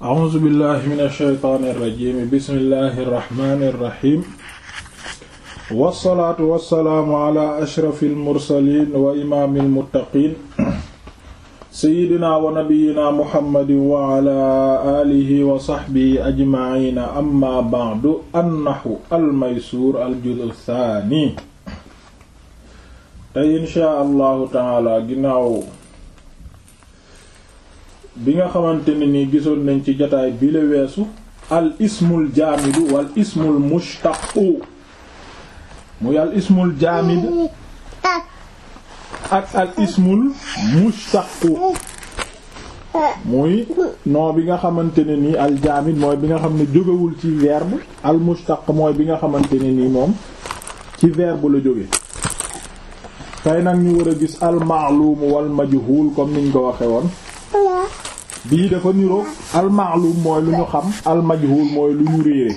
a'uuzu billahi min ash-shaytaani irrajim bismillahi irrahmani irrahim wassalaatu wassalaamu ala ashrafi almursalin wa imaami almuttaqin seyidina wa nabiyina muhammadin wa ala alihi wa saxbihi ajmaina amma ba'du annahu almaysuur aljuz thaani tey inshaa allahu taala ginnaaw bi nga xamante ne nii gisoon nañ ci jotaay bi weesu al ismul jaamidu wal ismul mushtaqu muy al ismul jaamid ak al ismul mushtaqu muy noo bi nga xamante ne nii al jaamid mooy bi nga xam ne jógewul ci verbe al mushtaq mooy bi nga xamante ni nii moom ci verbe la jóge tey nag ñu war a gis al ma'lum wal majhul comme niñ ko waxe woon bii dafa niroog almaalum mooy lu ñu xam almajhul mooy lu ñu réere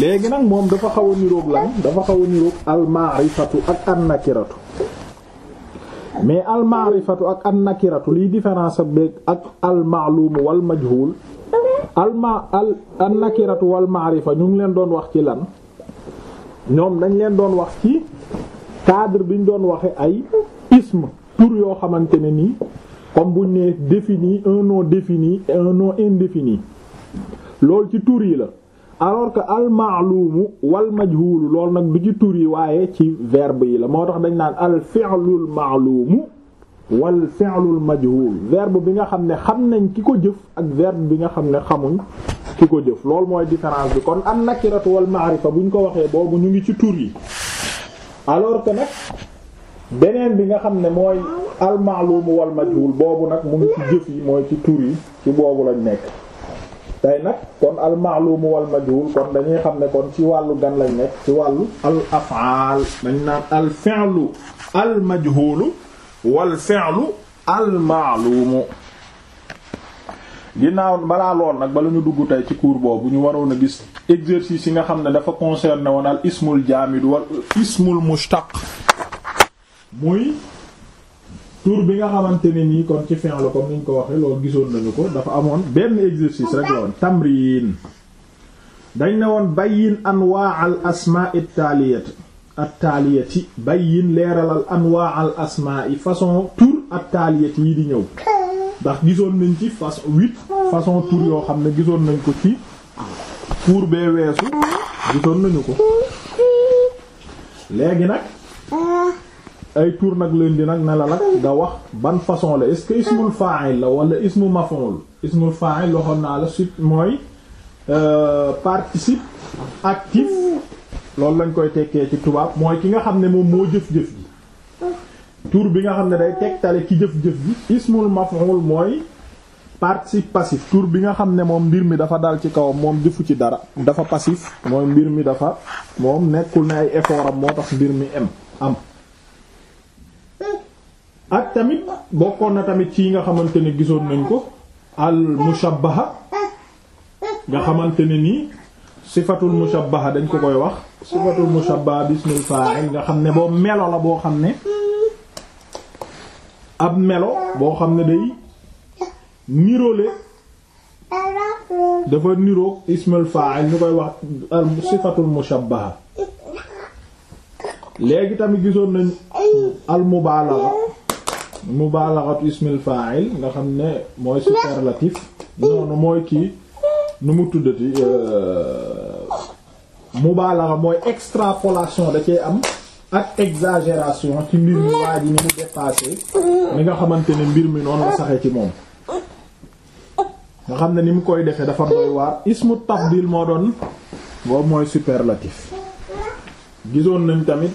léegi nag moom dafa xaw a niroog lan dafa xaw a niroog almaarifatu ak annakiratu mais almaarifatu ak annakiratu liy différence beeg ak almaalum wal majhul alma al annakiratu wal ñu ngi leen doon wax ci lan ñoom dañ leen doon wax ci cadre bi ñu doon waxe ay ism tur yoo xamante ne nii comme buñ nee défini un nom défini et un nom indéfini loolu ci tur yi la alors que al maalumu wal majhulu lool nag bi ci tur yi waaye ci verbe yi la moo tax dañ naan al fi'lul maalumu wal fi'lul majhul verbe bi nga xam ne xam nañ ki ko jëf ak verbe bi nga xam ne xamuñ ki ko jëf lool mooy différence bi kon am an nakiratu wal ma'rifa buñ ko waxee boobu ñu ngi ci tur yi alors nag beneen bi nga xam ne mooy almaalum wal majhul boobu nag mu ngi ci jëf yi mooy ci tur yi ci boobu lañ nekk tey nag kon almaalum wal majhul kon dañuy xam ne kon ci wàllu gan lañ nekk ci wàllu al afaal dañ naan al fi'lu al majhulu wal fi'lu al maalumu ginnaaw balaa lool nag bala ñu dugg tey ci cours boobu ñu waroon a gis exercice yi nga xam ne dafa concerné woon al ismul jaamid wal muy tur bi nga xamante ne nii kon ci fin la comme niñ ko waxee loolu gisoon nañu ko dafa amoon benn exercice rek la woon tamrin dañ ne woon bayyin anwaa al asmaa at taaliyati at bayyin leeralal anwaa al asmaa yi façon tur at taaliyati di ñëw ndax gisoon nañ ci façon huit façon tur yoo xam ne gisoon nañ ko ci pour bee weesu gisoon nañu ko léegi nag ay tour nag leen di nag ne la nag nga wax ban façon la est-ce que ismul la wala ismu maf'ul ismul fa'il loxoon naa la suite mooy euh, participe actif loolu lañ koy tekkee ci tubaab mooy ki nga xam ne moom moo jëf-jëf ji tur bi nga xam ne day tegtale ki jëf-jëf ji ismul maf'ul mooy participe passif tour bi nga xam ne moom mbir mi dafa dal ci kawam moom jëfu ci dara dafa passif mooy mbir mi dafa moom nekkul ne ay effort am moo tax mbir mi am ak tamit bokkoon na tamit ci nga xamante ne gisoon nañ ko al mushabbaha nga xamante ne nii sifatul mushabbaha dañ ko koy wax sifatul mushabbaha bismil fa'il nga xam ne boo melo la boo xam ne ab melo boo xam ne day niroole dafa niroog ismul fa'il ñu koy wax al sifatul léegi tamit gisoon nañ al mubalagha mu mubaalaxatu ismil fa'il nga xam ne mooy superlatif noonu mooy kii nu mu tuddati euh, mubaalaxa mooy extrapolation da cee am ak exagération ci mbir mi waa ji ni mu dépassé ni nga xamante ne mbir mi noonu la saxee ci moom nga xam ne ni mu koy defee dafa doy waar ismu tabdil moo doon boobu mooy superlatif gisoon nañ tamit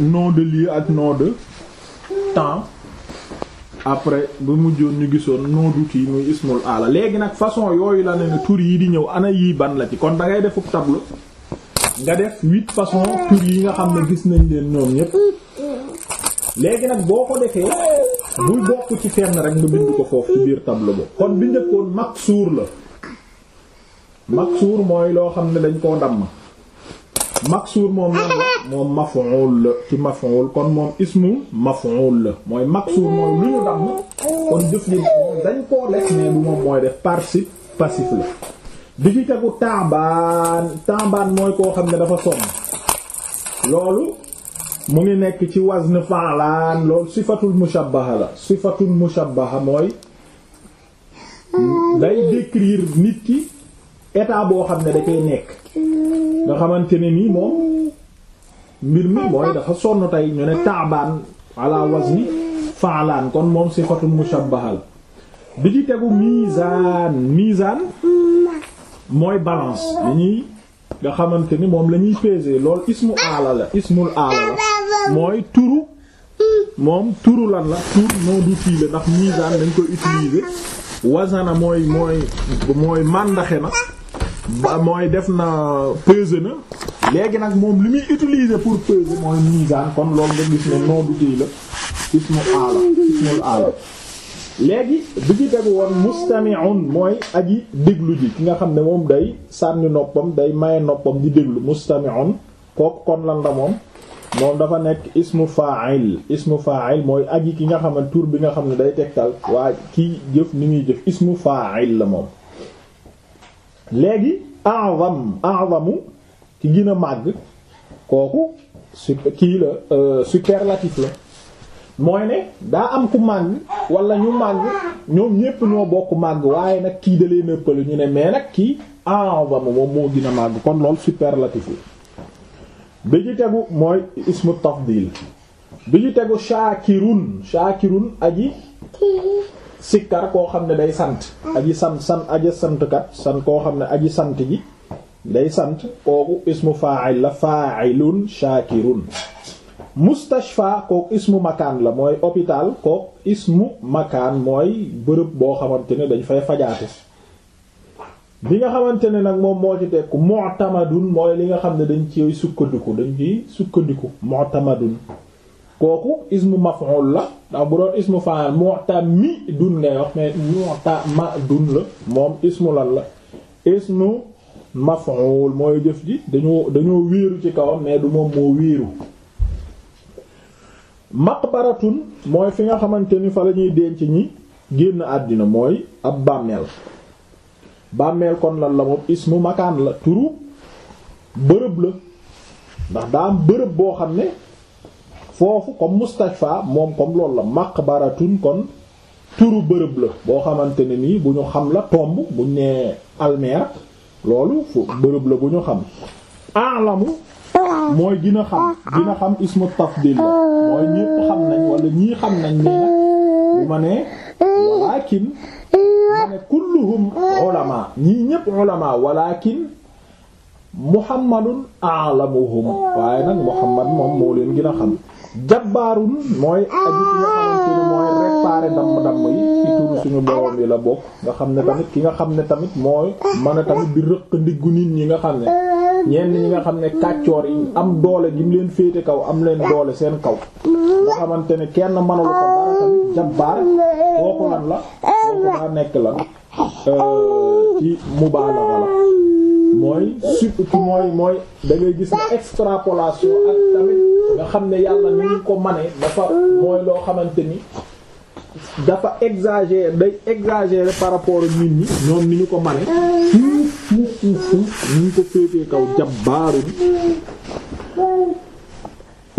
nom de lieu ak nom de temps après bu mujjoon ñu gisoon noodut yi muy ismul ala léegi nag façon yooyu la ne tur yi di ñëw ana yii ban la ci kon da ngay table nga def huit façon tur yi nga xam ne gis nañ leen ñoom ñépp léegi nag boo ko defee buy bokk ci fenn rek nga bind ko foofu ci biir table bo kon bi njëkkoon suur la maksuur mooy loo xam ne dañ koo damm maksuur moom la moom maf'ul la ci maf'ul kon moom ismu maf'ul la mooy maksuur moom lu ñu damm kon jëf ji moom dañ koo lekk mais bu moom mooy def participe passif la bi ci tegu taabaan taabaan mooy koo xam ne dafa sonn loolu mu ngi nekk ci wazn fa'lan loolu sifatul mushabbaha la sifatul mushabbaha mooy day décrire nit ki état boo xam ne da nekk nga xamante ne nii moom mbir mi mooy dafa sonn tey ñu ne taabaan ala wazni faalaan kon moom sifatun mushabbaha la bi ci tegu mizaan mizaan mooy balance li nga xamante ni moom lañuy ñuy lool ismu aala la ismul aala la mooy turu moom turu lan la tur non du fii ndax mizaan dañ koy utiliser wazana mooy mooy mooy màndaxe na mooy def na peser na léegi nag moom li muy utiliser pour peser mooy misaan kon loolu nga gis ne noobu déy la ismu aala ismul aala léegi bi ci dégg woon mustami'un mooy aji déglu ji ki nga xam ne moom day sànni noppam day maye noppam di déglu mustami'un kooku kon lan la moom moom dafa nekk ismu fa'il ismu fa'il mooy aji ki nga xam tour bi nga xam ne day tegtal waa kiy jëf ni muy jëf ismu fa'il la moom léegi a'zam a'zamu ki gën màgg kooku su kii la euh, superlatif la mooy ne daa am ku màgg wala ñu màgg ñoom ñépp noo bokk màgg waaye nag kii da leen ñu ne mais nag kii a'zamu moom moo gën a màgg kon loolu superlatif la bi ñu tegu mooy ismu tafdil bi ci tegu shaakirun shaakirun aji sikar koo xam ne day sant aji sant sant aji santkat sant koo xam ne aji sant ji day sant kooku ismu fa'il la fa'ilun shakirun mustashfa kooku ismu makaan la mooy hôpital kooku ismu makaan mooy bërëb boo xamante ne dañ fay fajaate bi nga xamante ne nag moom moo ci tekku mu'tamadun mooy li nga xam ne dañ ci sukkandiku dañ ci sukkandiku mu'tamadun kooku ismu maf'ul la ndax bu doon ismu fa'il mu'tamidun ngay wax mais mu'tamadun la moom ismu lan la ismu maf'ul mooy jëf ji dañoo dañoo wéeru ci kawam mais du moom moo wéeru maqbaratun mooy fi nga xamante ni fa lañuy ñuy denc ñi génn àddina mooy ab bàmmeel bàmmeel kon lan la moom ismu makan la turu bërëb la ndax daa am bërëb boo xam ne foofu comme mustashfa moom comme loolu la maqbaratun kon turu bërëb la boo xamante ne nii bu ñu xam la tomb bu ñu nee almeer loolu bërëb la bu ñu xam alamu mooy gën xam gën a xam ismu tafdil mooy ñépp xam nañ wala ñii xam nañ ne bu ma nee walaakin ma ñii ñépp ulama walaakin muhammadun alamuhum waaye nag muhammad moom moo leen gën xam jabbaarun mooy aji ki nga xamante ni mooy réparer damm-damm yi ci turu suñu borom yi la bokk nga xam ne tamit ki nga xam ne tamit mooy mën a tamit di rëq ndiggu nit ñi nga xam ne ñenn ñi nga xam ne kàccoor yi am doole gi mu leen féete kaw am leen doole seen kaw nga xamante ne kenn mënalu ko dara tamit jabbaar kooku la kooku daa nekk lan euh, ci mubaalaga la mooy surtout mooy mooy da gis ne extrapolation ak tamit nga xam ne yàlla ni ñu ko manee dafa mooy loo xamante ni dafa exagéré day exagéré par rapport ak nit ñoom ni ñu ko mane fuuf fuuf fuuf ñu ko féetee kaw jabbaaru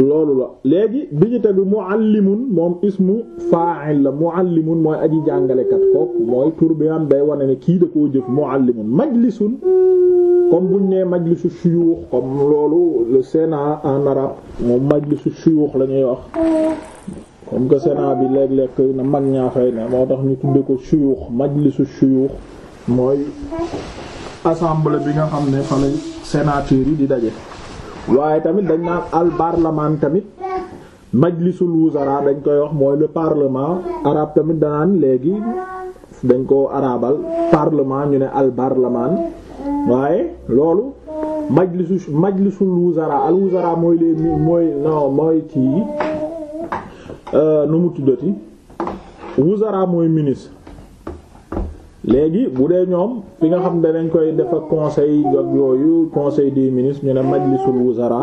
loolu la léegi bi ñu tegu muallimun moom ismu fa'il la muallimun mooy aji jàngalekat kooku mooy tur bi am day wane ne kii da koo jëf muallimun majlisun comme buñ nee majlisu shuyukh comme loolu le sénat en arabe moom majlisu shuyukh la ñuy wax comme que sénat bi léeg-léeg na mag ñaa fay ne moo tax ñu tudde ko shuyukh majlisu shuyukh mooy assemblée bi nga xam ne fa la sénateurs yi di daje waaye tamit dañ naan al parlement tamit majlisul wuzara dañ koy wax mooy le parlement arabe tamit danaan léegi dañ ko arabal parlement ñu ne al parlement waaye loolu majlisu majlisul wuzara al wuzara mooy les mooy non mooy ci euh, nu mu tuddati wuzara mooy ministre léegi bu dee ñoom fi nga xam ne dañ koy def ak conseil ak yooyu conseil des ministres ñu ne majlisul wuzara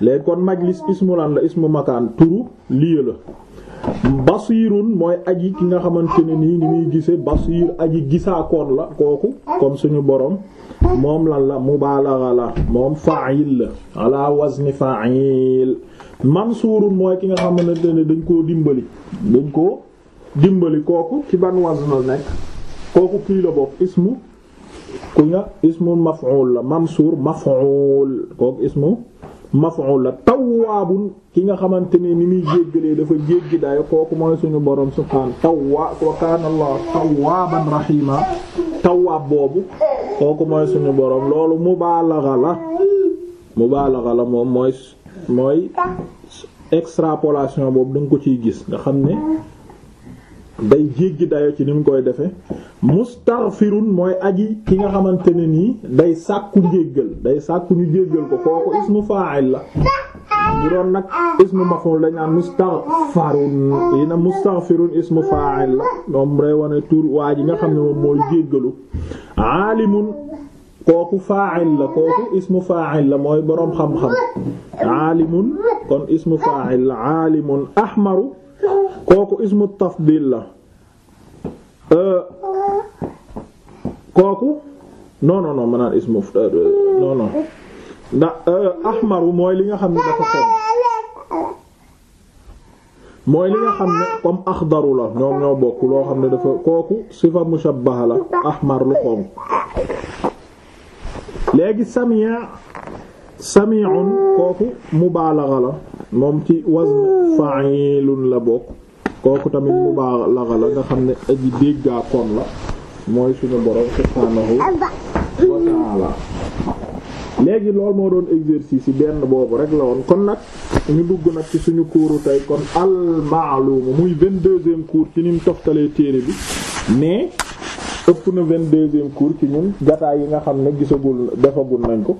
léegi kon majlis ismu lan la ismu makaan turu lii la basirun mooy aji ki nga xamante ne nii ni muy gise yi aji gisaakoon la kooku comme suñu borom moom lan la mubaalaxa la moom fa'il la ala wazni fa'il mansurun mooy ki nga xamante ne dañ koo dimbali dañ ko dimbali kooku ci ban wazn la nekk kooku kii la bokk ismu ku nga ismu maf'ul la mamsuur maf'ul kooku ismu maf'ul la tawwaabun ki nga xamante ne ni muy jéggalee dafa jéggi dayo kooku mooy suñu borom subhaanahu tawwaa wa kaana allah tawwaaban rahiima boobu kooku mooy suñu borom loolu mubaalaxa la mubaalaxa la moom mooy extrapolation boobu da ko ciy gis nga xam ne day jéggi dayo ci ni mu koy defe mustaghfirun mooy aji ki nga xamante ne nii day sàkku jéggal day sàkku ñu jéggal ko kooku ismu fa'il la bu nag ismu maf'ul dañ naan mustaghfarun yi na mustaghfirun ismu fa'il la moom day tur waa ji nga xam ne moom mooy jéggalu aalimun kooku fa'il la kooku ismu fa'il la mooy boroom xam-xam aalimun kon ismu fa'il la aalimun ahmaru kooku ismu tafdil la euh, kooku non non non ma naan ismu euh, non non ndax euh, ahmaru mooy li nga xam ne dafa xonq mooy li nga xam ne comme axdaru la ñoom ñoo bokk loo xam ne dafa kooku sifa mushabbaha la ahmar lu xonq léegi samia sami'un kooku mubaalaxa la moom ci wazn fa'ilun la bokk kooku tamit mu baax laxa nga xam ne aji déggaa kon la mooy suñu borom subhaanahu wa ta'ala léegi loolu moo doon exercice yi benn boobu rek la woon kon nag ñu dugg nag ci suñu kuuru tey kon al maalumu muy vingt-deuxième cours ci ni mu toftalee téere bi mais ëpp na vingt-deuxième cours ci ñun gataay yi nga xam ne gisagul defagul nañ ko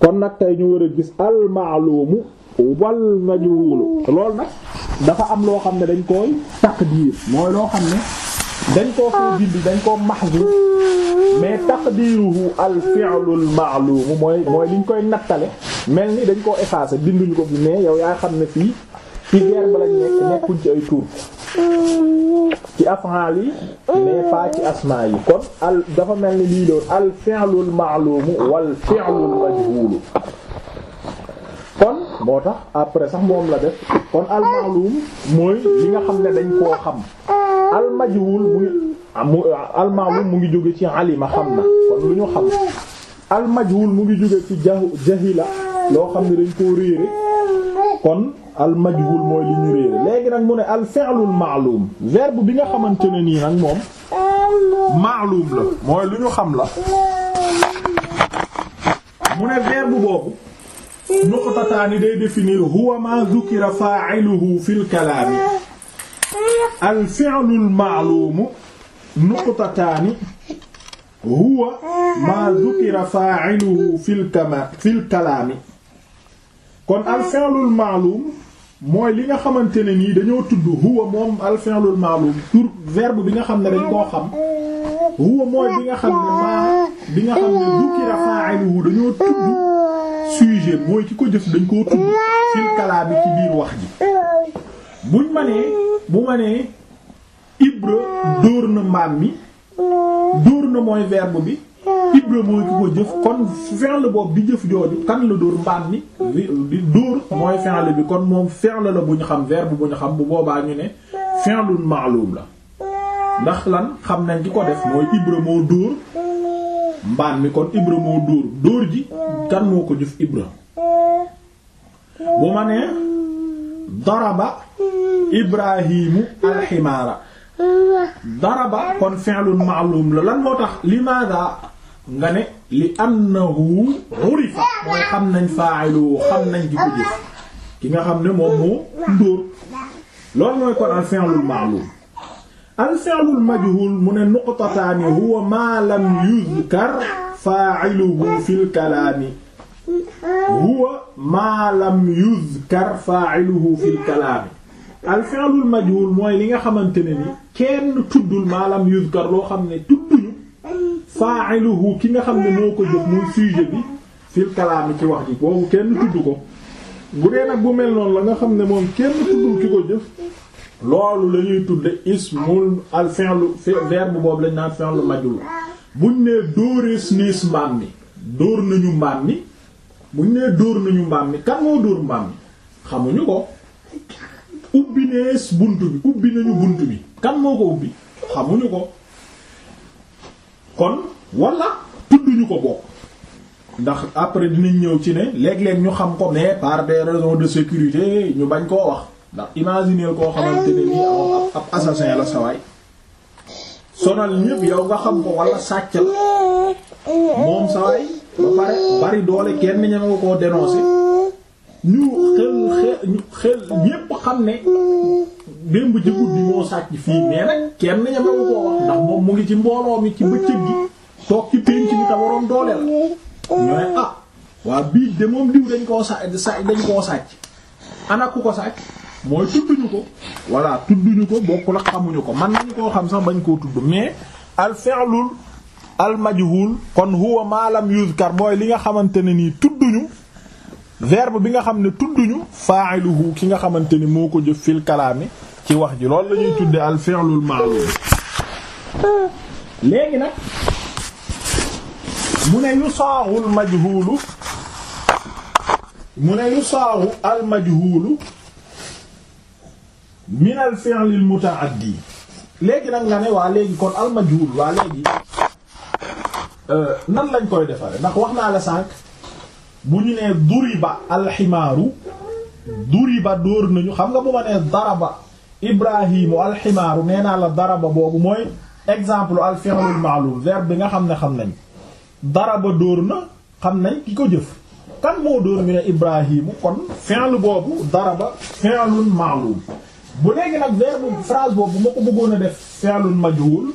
kon nag tey ñu war a gis al maalumu wal majhul lool nag dafa am loo xam ne dañ koy taqdiir mooy loo xam ne dañ koo fee dindi dañ koo mahzu mais taqdiruhu al fi'lul ma'lum mooy koy nattale mel ni dañ koo effacer dinduñu ko bi mais yow yaa xam ne fii ci verbe lañ nekk nekkuñ ci ay tur ci af'al yi mais pas ci asmaa yi kon dafa mel ni lii loolu al fi'lul ma'lum wal fi'lul majhul kon moo tax après sax moom la def kon almaalum mooy li nga xam ne dañ koo xam almajhul mu ngi ah, ah, almaalum mu ngi jóge ci alima xam na kon lu ñu xam almajhul mu ngi loo xam ne dañ koo réere kon almajhul mooy li ñu réere léegi nag mu ne al fi'lul bi nga xamante ne nii nag moom maalum la mooy lu ñu xam la mu ne verbe boobu nuqtataani day définir huwa ma dhukira fa'iluhu fil kalaami al fi'lul nuqtataani huwa ma dhukira fa'iluhu fil kama kalaami kon al fi'lul mooy li nga xamante ne nii dañoo tudd huwa moom al fi'lul ma'lum tur bi nga xam ne dañ koo xam huwa dañoo tudd sujet mooy ki ko jëf dañ koo tudd fil kalaa bi ci biir wax ji buñ ma nee bu ma nee ibra dóor na mbaam mi dóor na mooy verbe bi ibra mooy ki ko jëf kon fi'l boobu di jëf jooju kan la dóor mbaam mi di dóor mooy fi'l bi kon moom fi'l la bu xam verbe bu xam bu boobaa ñu ne fi'lun ma'lum la ndax lan xam nañ ki ko def mooy ibra moo dóor mbaam mi kon Ibra moo dóor dóor ji kan moo ko jëf Ibra bu ma nee daraba ibrahimu alximaara daraba kon fi'lun ma'lum la lan moo tax limaada nga ne li annahu urifa mooy xam nañ fa'ilu xam nañ di jëf ki nga xam ne moom moo dóor loolu mooy kon al fi'lun ma'lum al fi'lul majhul mu ne nuqtataani huwa ma lam yuzkar faa'iluhu fil kalaami huwa ma lam yuzkar faa'iluhu fil kalaami al fi'lul majhul mooy li nga xamante ne ni kenn tuddul ma lam yuzkar loo xam ne tudduñu faa'iluhu ki nga xam ne moo ko jóg muy sujet bi fil kalaami ci wax ji boobu kenn tudd ko bu dee nag bu mel noonu la nga xam ne moom kenn tuddul ki ko jëf loolu la ñuy tudde ismul al fi'lu verbe boobu lañ naan fi'lu majul buñ nee dóoris niis mbaam mi dóor nañu mbaam mi buñ nee dóor nañu mbaam mi kan moo dóor mbaam mi xamuñu ko ubbi nees bunt bi ubbi nañu bunt bi kan moo ko ubbi xamuñu ko kon wala tudduñu ko bokk ndax après dinañ ñëw ci ne léeg-léeg ñu xam ko mais par des raisons de sécurité ñu bañ koo wax ndax imaginer koo xamante ne nii la sawaay sonal ñëpp yow nga xam ko wala sàcc la moom sawaay ba pare bari doole kenn ñeme koo dénoncer ñu xel xel xel xam ne démb ci guddi moo sàcc fii mais nag kenn ñeme koo wax ndax moom mu ngi ci mbooloo mi ci bëccëg gi toog ci penc mi te waroon doole la ñooy ah waa bii de moom diw dañ koo sa sa dañ koo sàcc ana ku ko sàcc. mooy tudduñu ko voilà tudduñu ko bokkul ak xamuñu ko man nañu koo xam sax bañ koo tudd mais al fi'lul al kon huwa ma lam yuzkar li nga xamante ne nii tudduñu verbe bi nga xam ne tudduñu fa'iluhu ki nga xamante ni moo ko jëf fil kalaami ci wax ji loolu la ñuy tudde al fi'lul ma'lum léegi nag mu ne yusaaxul majhulu mu ne yusaaxu al majhulu min al fi'l al muta'addi léegi nag nga ne waa léegi kon al majhul waa léegi euh, nan lañ koy defare ndax wax naa la sànq bu ñu nee duriba alximaaru duriba dóor nañu xam nga bu ma nee daraba ibrahimu alximaaru nee naa la daraba boobu mooy exemple al fi'lul ma'lum verbe bi nga xam ne xam nañ daraba dóor na xam nañ ki ko jëf kan moo dóor ñu ne ibrahimu kon fi'l boobu daraba fi'lun ma'lum bu léegi nag verbe phrase boobu bu ma ko bëggoon a def fi'lun majhul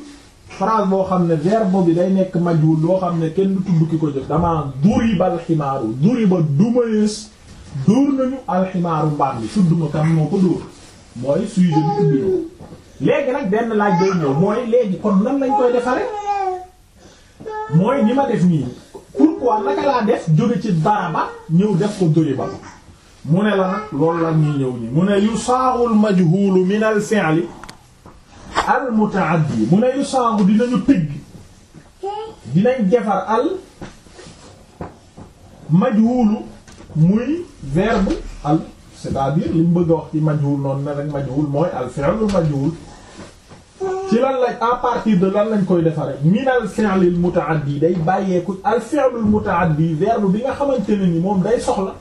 phrase boo xam ne verbe bi day nekk majhul loo xam ne kenn du tudd ki ko jëf damaa duriba alximaaru duriba dumayees dóor nañu alximaaru mbaam bi tudd ma kam moo ko dóor mooy sujet bi tudd na ko léegi nag benn laaj day mooy léegi kon nan lañ koy defaree mooy ni ma def nii pourquoi naka laa def jóge ci daraba ñëw def ko duriba mu ne la nag loolu la ñuy ñëw ñi mu ne yusaagu al majhuulu min al fi'li al mutaaddi mu ne yusaagu dinañu tëgg dinañ defar al majhuulu muy verbe al c'est-à-dire li bëgg a wax ci majhuul noonu ne rek majhuul mooy al fi'lu majhuul ci lan lañ à partir de lan lañ koy defaree min al fi'l al mutaaddi day bàyyeeku al fi'l al mutaaddi verbe bi nga xamante ne ni moom day soxla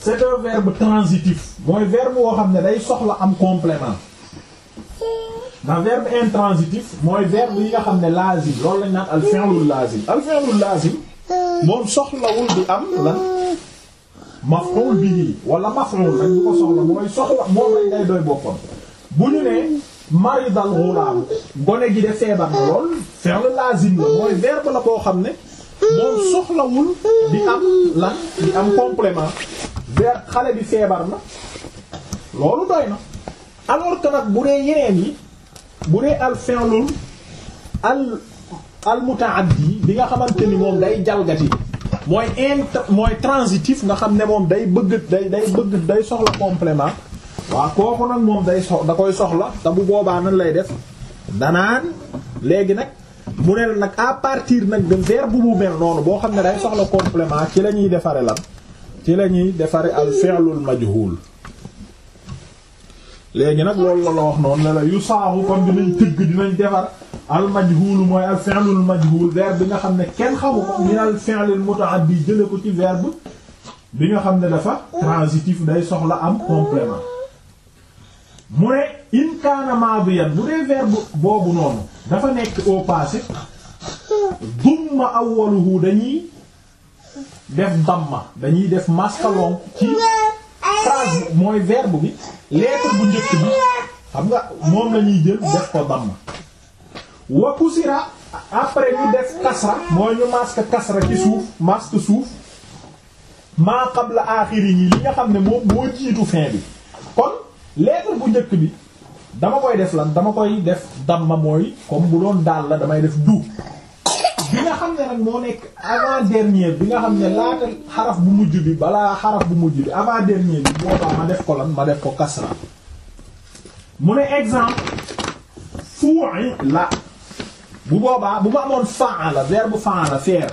c'est un verbe transitif mooy verbe woo xam ne day soxla am complément ndax verbe intransitif mooy verbe yi nga xam ne lazim loolu la naan al fi'lul lazim al fi'lul lazim moom di am lan maf'ul bihi wala maf'ul rek bu ko soxla mooy soxla moom gone gi de lool fi'lul lazim la mooy la koo xam ne moom soxlawul di am lan ba xale bi feebar na loolu doy na alors que nag bu dee yeneen yi bu dee al fi'lul al al mutaaddi bi nga xamante ni moom day jalgati mooy inter mooy transitif nga xam ne moom day bëgg day day bëgg day soxla complément waaw kooku nag moom day sox da koy soxla te bu boobaa na lay def danaan léegi nag mu ne nag à partir nag de verbe bu mu mel noonu boo xam ne day soxla complément ci la ñuy defare lan ci la ñuy defare al fi'lul majhul léegi nag loolu la la wax noonu la yu saaxu kon dinañ tëgg dinañ defar al majhul mooy al fi'lul majhul verbe bi nga xam ne kenn xawu ko min al fi'lil muta'addi jële ko ci verbe bi nga xam ne dafa transitif day soxla am complément mu ne in kaana maadiyan bu dee verbe boobu noonu dafa nekk au passé dumma awwaluhu dañuy def damma dañuy def maskalon ci phrase mooy verbe bi lettre bu njëkk bi xam nga moom la ñuy jël def ko damma wa kusira après ñu def kasra mooy ñu masque kasra ci suuf masque aaxiri yi li nga xam ne moom moo jiitu fin bi kon lettre bu njëkk bi dama koy def lan dama koy def damma mooy comme bu doon daal la damay def du moo nekk avant dernier bi nga xam ne laata xaraf bu mujj bi balaa xaraf bu mujj bi avant dernier bi moo ma def ko lan ma def ko kasra mu ne exemple fu'ila bu boobaa bu ma amoon fa'ala verbe la faire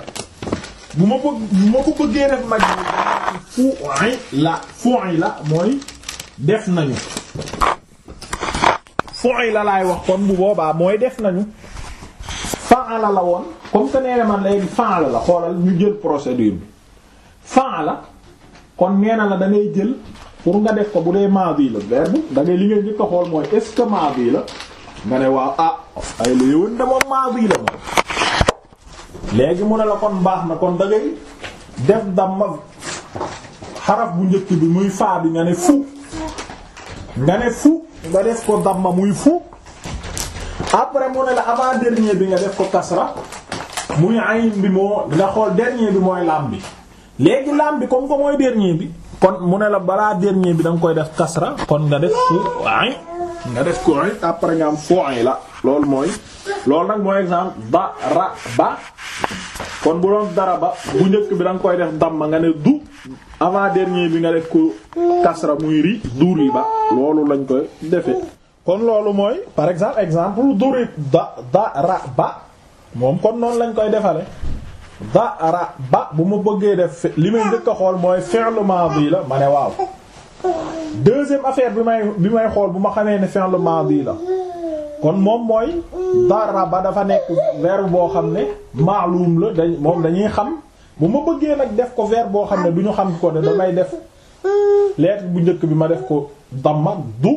bu ma bëgg bu ma ko bëggee def maj fu'ila fu'ila mooy def nañu fu'ila laay wax kon bu boobaa mooy def nañu fa'ala la woon comme que nee na faala la xoolal ñu jël procédure bi faala kon nee na la da jël pour nga def ko bu dee maadi la verbe da li ngay xool mooy est ce la nga ne waaw ah ay la yëwén da moom maadi la na kon da ngay def xaraf bu njëkk bi muy faa bi nga ne fu nga ne fu nga def ko damma muy fu après mu ne la avant dernier bi nga def ko kasra muy ayn bi moo nga xool dernier bi mooy lam bi léegi lam bi comme que mooy dernier bi kon mu ne la balaa dernier bi danga koy def kasra kon nga def ko ayn nga def ko ayn après nga am foo ayn la loolu mooy loolu nag moo exemple ba ra ba kon bu doon dara ba bu njëkk bi da nga koy def ma nga ne du avant dernier bi nga def ko kasra muy ri du ba loolu lañ koy defee kon loolu mooy par exemple exemple duri da da ra ba moom kon noonu lañ koy defale da ra ba bu ma bëggee def li may njëkk a xool mooy fi'lu maadi la ma ne waaw deuxième affaire bi may bi may xool bu ma xamee ne fi'lu maadi la kon moom mooy ba dafa nekk verbe boo xam ne maalum la dañ moom dañuy xam bu ma bëggee nag def ko verbe boo xam ne du ñu xam ko de ne damay def leet bu njëkk bi ma def ko damma du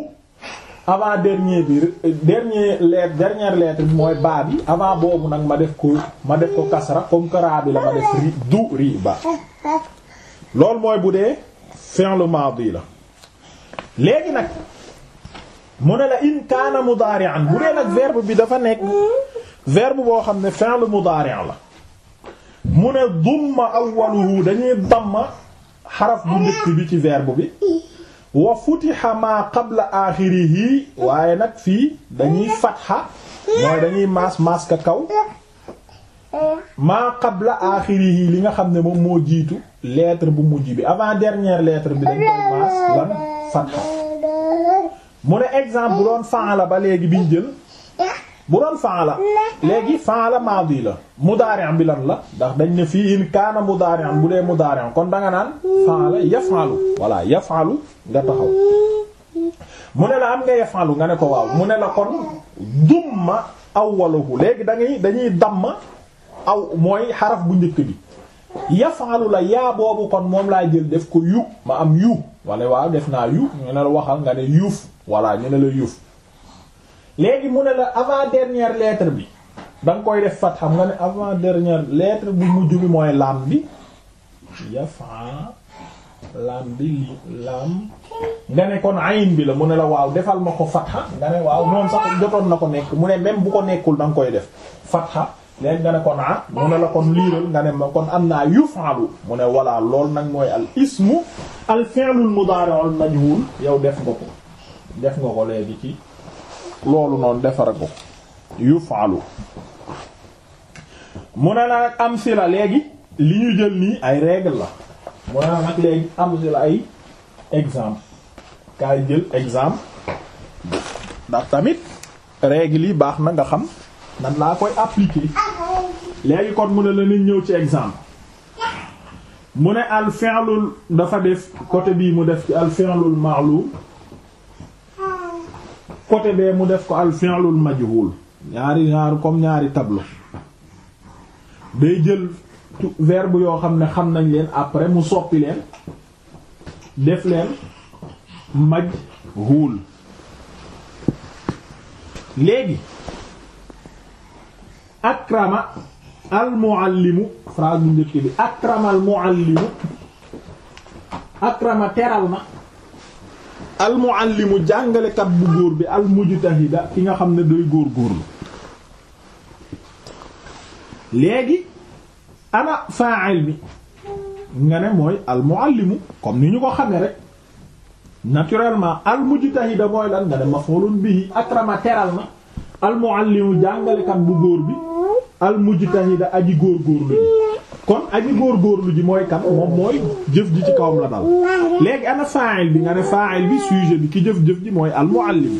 avant dernier bi dernier lettre dernière lettre bi mooy baa bi avant boobu nag ma def ko ma def ko kasra comme bi la ma def ri du ri ba loolu mooy bu dee fi'l maadi la léegi nag mu ne la in kaana mudaari'an bu dee nag verbe bi dafa nekk verbe boo xam ne fi'l mudaari' la mu ne dumma awwaluhu dañuy damma xaraf bu njëkk bi ci verbe bi wa futiha ma qabla axirihi waaye nag fii dañuy fatxa mooy dañuy maas maas kaw ma li nga xam ne moom moo jiitu leetre bu mujj bi avant dernière leetre bi dañ maas lan fatxa mu ne exemple bu doon la ba léegi biñ jël bu doon faala léegi faala maadi la mudaari' bi lan la ndax dañ ne fii in kaana mudaari' bu dee mudaari' kon da nga naan faala yaf'alu voilà yaf'alu nga taxaw mu ne la am nga yaf'alu nga ne ko waaw mu ne la kon dumma bu léegi dañuy dañuy damma aw mooy xaraf bu njëkk bi yaf'alu la yaa boobu kon moom laa jël def ko yu ma am yu wala waaw def naa yu ñu ne la waxal nga ne yuuf voilà ñu ne la yuuf léegi mu ne la avant dernière lettre bi da koy def fat xam nga ne avant dernière lettre bu mujj bi mooy laam bi yafan laam bi li laam nga ne kon ayin bi la mu ne la waaw defal ma ko fatha nga ne waaw noonu sax jotoon na ko nekk mu ne même bu ko nekkul da nga koy def fatha léegi nga ne kon ah mu ne la kon liiral nga ne ma kon am naa yufalu mu ne voilà lool nag mooy al ismu al fi'lul mudari'ul majhul yow def nga ko def nga ko léegi ci loolu noonu defara ko yufalu mu ne nag am si la léegi li ñu jël nii ay règle la mu ne nag léegi am si la ay exemple kaay jël exemple ndax tamit règle yi baax na nga xam nan naa koy appliquer léegi kon mu ne la nit ñëw ci exemple mu ne al fi'lul dafa def côté bii mu def ci al fi'lul ma'lum côté bee mu def ko al fi'lul majhul ñaari ñaar comme ñaari tableau day jël verbe yoo xam ne xam nañ leen après mu soppi leen def leen majhul léegi akrama al muallimu phrase bu njëkk bi akrama al muallimu akrama teral na al muallimu jàngalekat bu góor bi al mujtahida ki nga xam ne day góor góorlu léegi ana fa'il bi nga ne mooy al muallimu comme ni ñu ko xame rek naturellement al mujtahida mooy lan nga ne maf'ulun bihi akrama teral na al muallimu jàngalekat bu góor bi al mujtahida aji góor góorlu ji kon góor góorgóorlu ji mooy kan moom mooy jëf ji ci kawam la dal léegi ana fa'il bi nga ne fa'il bi sujet bi ki jëf-jëf ji mooy al muallim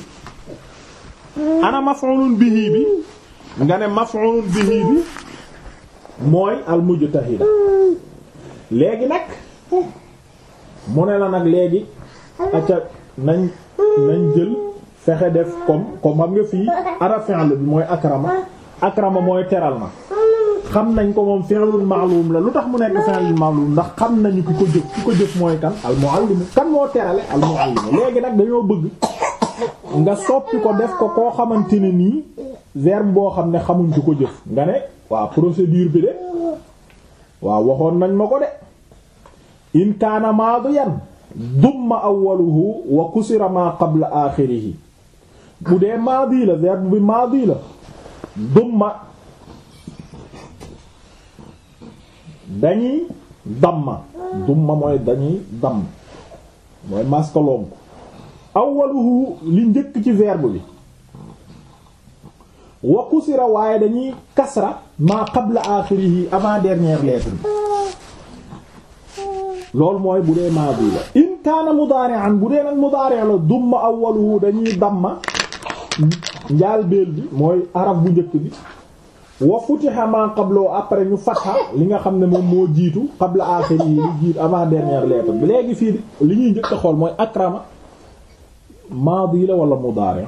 ana maf'ulun bihi bi nga ne maf'ulun bi mooy al mujtahid léegi nag mu ne la nag léegi acca nañ nañ jël fexe def comme comme xam nga fii ara fi'l bi mooy akrama akrama mooy teral na xam nañ ko moom fi'lun ma'lum la lu tax mu nekk fi'lun ma'lum ndax xam nañu ki ko jëf ki ko jëf mooy kan al muallim kan moo terale al léegi nag dañoo bëgg nga soppi ko def ko koo xamante ne nii verbe boo xam ne xamuñ ki ko jëf nga ne waa procédure bi de waaw waxoon nañ ma ko de in kaana maadiyan dumma awwaluhu wa kusira ma qabla aaxirihi bu dee maadi la verbe bi maadi la dumma dañuy damma dumma mooy dañuy damm mooy maska lonk awwaluhu li njëkk ci verbe bi wa kusira waaye dañuy kasra ma qabla axirihi avant dernière lettre bi loolu mooy bu dee maa bi la in kaana mudaari'an bu dee nag mudaari' la dumma awwaluhu dañuy damma njaal beel bi mooy araf bu njëkk bi wa futiha ma qablo après ñu fatha li nga xam ne moom moo jiitu qabla axiri yi li jiitu avant dernière lettre bi léegi fii li ñuy njëkk xool mooy akrama maadi la wala mudaari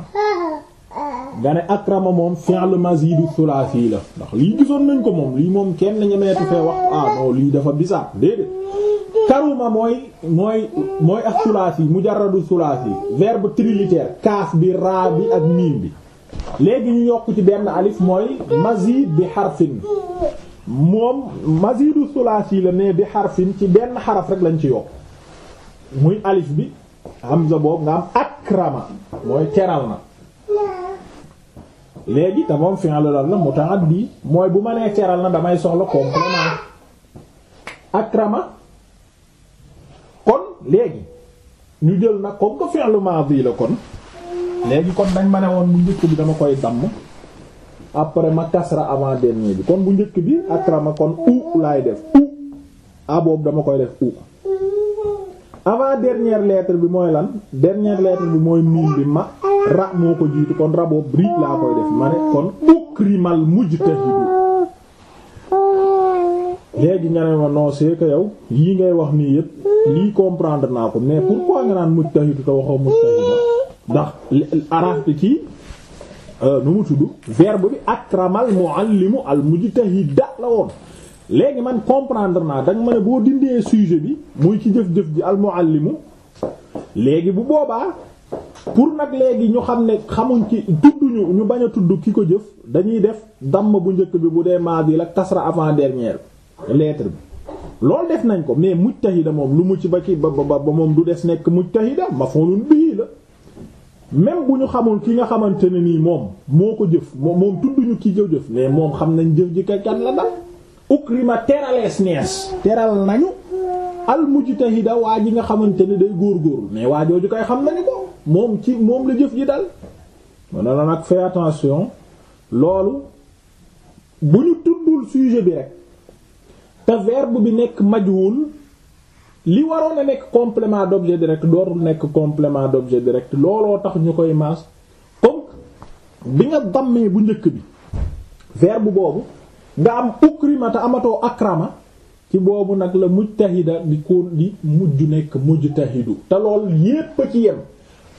nga ne akrama moom fi'l mazidu thulathi la ndax lii gisoon nañ ko moom lii moom kenn ñemeetu fee wax ah non lii dafa bizarre déedéet karuma mooy mooy mooy ak thulathi mujarradu thulathi verbe trilitère kaaf bi raa bi ak miim bi léegi ñu yokk ci benn alif mooy mazid bi xarfin moom mazidu sulaas yi la ne bi xarfin ci benn xaraf rek lañ ci yokk muy alif bi hamza boobu nga am akrama mooy teral na léegi te moom na la mutaaddi mooy bu ma nee teral na damay soxla complément akrama kon léegi ñu jël na comme que fi'l maadi la kon léegi kon dañ ma ne woon bu njëkk bi dama koy damm après ma kasra avant dernier bi kon bu njëkk bi akrama kon u laay def u a dama koy def u avant dernière lettre bi mooy lan dernière lettre bi mooy miim bi ma ra moo ko jiitu kon ra boobu ri laa koy def ma ne kon ukrimal mujtahidu léegi nga ne ma non c'est que yow yi ngay wax nii yëpp lii comprendre naa ko mais pourquoi nga naan mujtahidu te waxoo mujtahidu ndax araf bi ci euh, nu mu tudd verbe bi akramal muallimu al mujj mujtahida la woon léegi man comprendre naa danga ma ne boo dindee sujet bi muy ci jëf-jëf ji al muallimu léegi bu boobaa pour nag léegi ñu xam ne xamuñ ci tudduñu ñu bañ a tudd ki ko jëf dañuy def damm bu njëkk bi bu dee maadi la kasra avant dernière leetre bi loolu def nañ ko mais mujtahida moom lu mu ci ba ci ba ba moom du des nekk mujtahida mafulun bii la même bu ñu xamul ki nga xamante ne nii moom moo ko jëf moom tudduñu ki jëf jëf mais moom xam nañ jëf ji ka kan la dal ukrima teralees nees teral nañu al mujtahida waa ji nga xamante ne day góorgóorlu mais waa jooju kay xam nañu ko moom ci moom la jëf ji dal ma ne la nag fais attention loolu bu ñu tuddul sujet bi rek te verbe bi nekk majhul li waroon a nekk complement d'objet direct dootul nekk complement d'objet direct looloo tax ñu koy mas comme bi nga dammee bu njëkk bi verbe boobu nga am ukrimata amatoo akrama ci boobu nag la mujtahida di ko di mujj nekk mujtahidu te lool yépp ci yem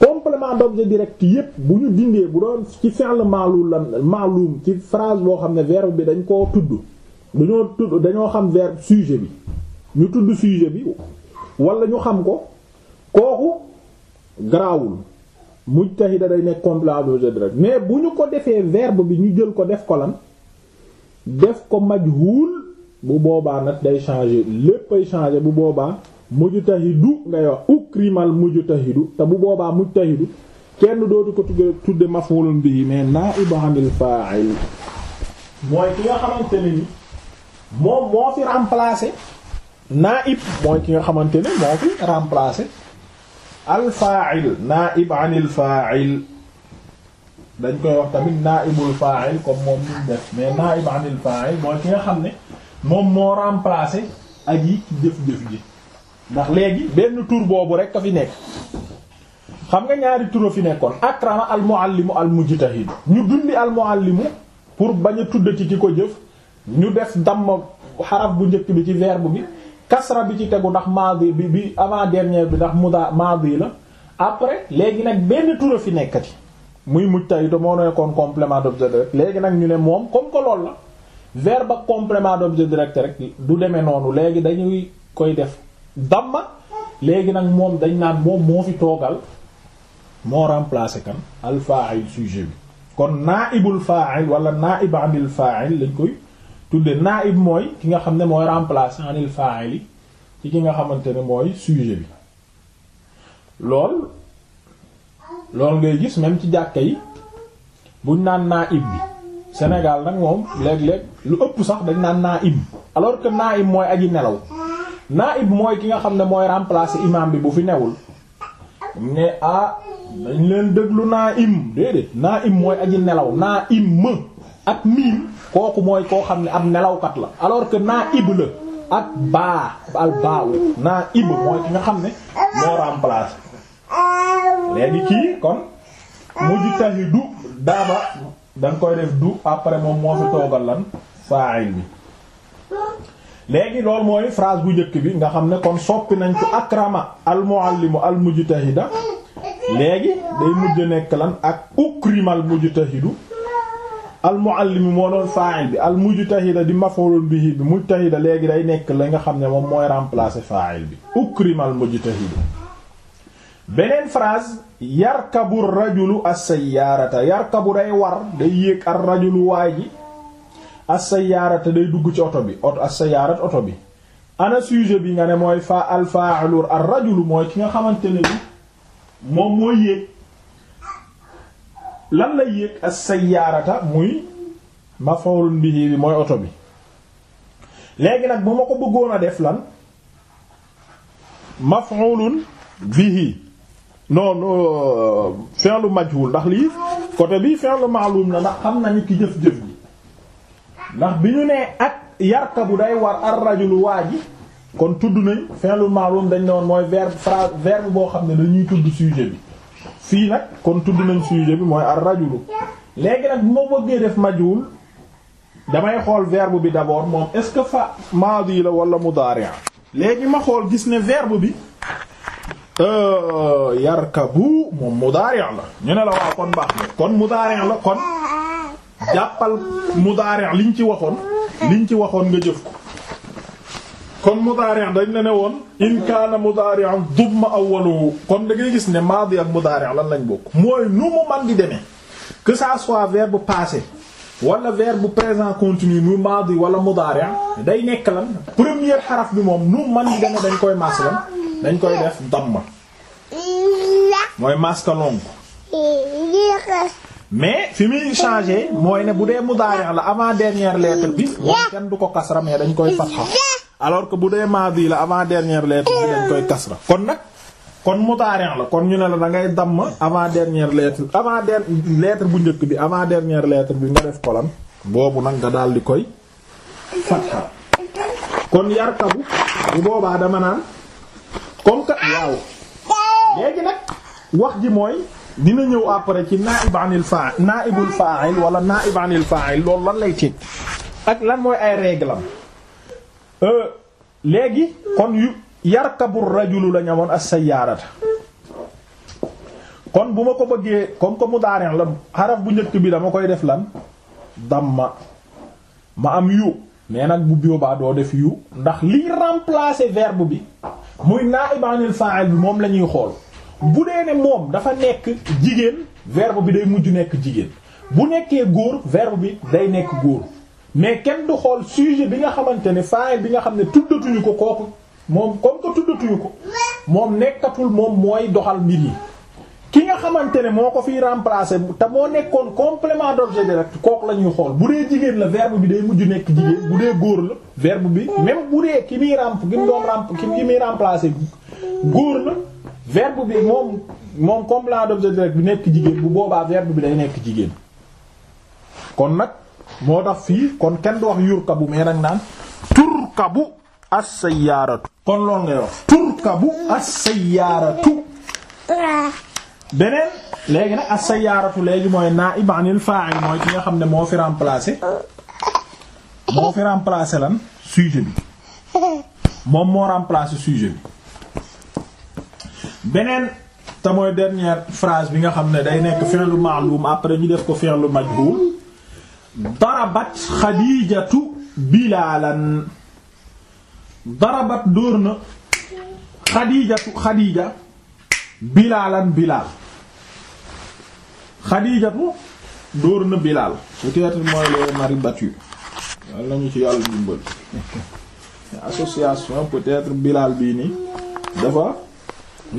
complément d'objet direct yépp bu ñu dindee bu doon ci fi'l ma'lul la ma'lum ci phrase boo xam ne verbe bi dañ koo tudd dañoo tudd dañoo xam verbe sujet bi ñu tudd sujet bi wala ñu xam ko kooku garaawul mujtahida day nekk complément d'objet direct mais bu ñu ko defee verbe bi ñu jël ko def ko lan def ko majhul bu boobaa nag day changer léppay changer bu boobaa mujtahidu ngay wax ukrimal mujtahidu te bu boobaa mujtahidu kenn dootu ko tudde tudde maf'ulun bihi mais na'ibu anil fa'il mooy ki nga xamante ni moom moo fi remplacer naib mooy ki nga xamante ne moo fi remplacer al fa'il naib anil fa'il dañ koy wax tamit naibul fa'il comme moom niñ def mais naib anil fa'il mooy ki nga xam ne moom moo remplacer ak ci jëf-jëf ji ndax léegi benn tur boobu rek a fi nekk xam nga ñaari tur a fi nekkoon akrama al muallimu al mujtahid ñu dundi al muallimu pour bañ a tuddati ci ko jëf ñu def damm xaraf bu njëkk bi ci verbe bi kasra bi ci tegu ndax maadi bi bi avant dernier bi ndax muda maadi la après léegi nag benn tura fi nekkati muy mujtahid moo nekkoon complément d'objet direct léegi nag ñu ne moom comme que loolu la verbe ak complément d'objet direct rek du demee noonu léegi dañuy koy def damma léegi nag moom dañ naan moom moo fi toogal moo remplacer kan al fa'il sujet bi kon naa'ibul fa'il wala naa'ib anil fa'il lañ koy tudde naib mooy ki nga xam ne mooy remplacer anil fa'ili ci ki nga xamante ne mooy sujet bi lool lool ngay gis même ci jàkka yi buñ naan naib bi Sénégal nag moom léeg-léeg lu ëpp sax dañ naan naib alors que naib mooy aji nelaw naib mooy ki nga xam ne mooy remplacer imam bi bu fi newul ne ah dañ leen déglu naim déedéet naim mooy aji nelaw naim ak miim kooku mooy koo xam ne am nelawkat la alors que naa ib ak baa al baawu naa ib mooy ki nga xam ne moo remplacé léegi kii kon mujtahidu daaba danga koy def du après moom moo fi toogal lan fa'il bi léegi loolu mooy phrase bu njëkk bi nga xam ne kon soppi nañ ko akrama al muallimu al léegi day mujj nekk lan ak ukrimal mujtahidu al almuallimu moo doon fa'il bi almujtahida di bi bihi bi mujtahida léegi day nekk la nga xam ne moom mooy remplacer fa'il bi ukrima almujtahidu beneen phrase yarkabu rajulu as-sayyarata yarkabu day war day yéeg ar rajulu waay ji as-sayyarata day dugg ci oto bi oto as-sayyarata oto bi ana sujet bi nga ne mooy fa al fa'ilu ar rajulu mooy ki nga xamante ne bi moom mooy yéeg lan la yéeg as-sayyaarata muy maf'ulun bihi bi mooy oto bi léegi nag bu ma ko bëggoon a def lan maf'ulun bihi non euh, fi'lu majhul ndax lii côté bi fi'lu ma'lum na ndax xam nañu ki jëf-jëf ji ndax bi ñu nee ak yarkabu day war ar-rajulu waa ji kon tudd nañ fi'lu ma'lum dañ ne woon mooy verbe phrase verbe boo xam ne dañuy tudd sujet bi fii nag kon tudd nañ sujet bi mooy ar rajulu léegi nag bu ma bëggee def majul damay xool verbe bi d'abord moom est-ce que fa maadi la wala mudaari léegi ma xool gis ne verbe bi euh, yarkabu moom mudaari la ñu ne la waaw kon baax na kon mudaari la kon jàppal mudaari liñ ci waxoon liñ ci waxoon nga jëf kon mudaari' dañ la ne woon in kaana mudaari'un dumma awwaluhu kon da ngay gis ne maadi ak mudaari' lan lañ bokk mooy nu mu man di demee que ça soit verbe passé wala verbe présent continu mu maadi wala mudaari' day nekk lan premier xaraf bi moom nu man di demee dañ koy maas lan dañ koy def damma mooy maska lonk mais fi muy changé mooy ne bu dee mudaari' la avant dernière lettre bi moom kenn du ko kasra mais dañ koy fatha alors que bu dee maadi la avant dernière lettre bi dañ koy la kon nag kon mutaarin la kon ñu ne la da ngay damm avant dernière lettre avant dernière lettre bu njëkk bi avant dernière lettre bi nga def colonne boobu nag nga daal di koy fatha kon yarkabu bu boobaa dama naan comme que waaw léegi nag wax ji mooy dina ñëw appare ci naib anil fa'il naibul fa'il wala naib anil fa'il loolu lan lay teg ak lan mooy ay réglam Euh, léegi kon yu yarkabu rajulu la ñamoon as-sayyaarata kon bu ma ko bëggee comme que mudaari' la xaraf bu njëkk bi dama koy def lan damma ma am yu mais nag bu boobaa doo def yu ndax liy remplacer verbe bi muy naa'ib anil faa'il bi moom la ñuy xool bu dee ne moom dafa nekk jigéen verbe bi day mujj nekk jigéen bu nekkee góor verbe bi day nekk góor mais kenn du xool sujet bi nga xamante ne faayil bi nga xam ne tuddatuñu ko kooku moom comme que tuddatuñu ko moom nekkatul moom mooy doxal mbir yi ki nga xamante ne moo ko fiy remplacer te moo nekkoon complément d'objet direct kooku la ñuy xool bu dee jigéen la verbe bi day mujj nekk jigéen bu dee góor la verbe bi même bu dee ki muy remp ki mu remp ki muy remplacer góor la verbe bi moom moom complément d'objet direct bi nekk jigéen bu boobaa verbe bi day nekk jigéen kon nag. moo tax fii kon kenn du wax yurkabu mais nag naan turkabu as-sayyaratu kon loolu ngay wax turkabu as-sayyaratu beneen léegi nag as-sayyaratu léegi mooy na'ib anil fa'il mooy ki nga xam ne moo fi remplacer moo fi remplacer lan sujet bi moom moo remplacer sujet bi beneen te mooy dernière phrase bi nga xam ne day nekk fi'lu ma'lum après ñu def ko fi'lu majhul darabat xadiijatu bilaalan darabat dóor na xadiijatu xadiija bilaalan bilaal xadiijatu dóor na bilaal peut-être mooy les maris battus yàlla ñu ci yàlla dimbali association peut-être bilaal bii nii dafa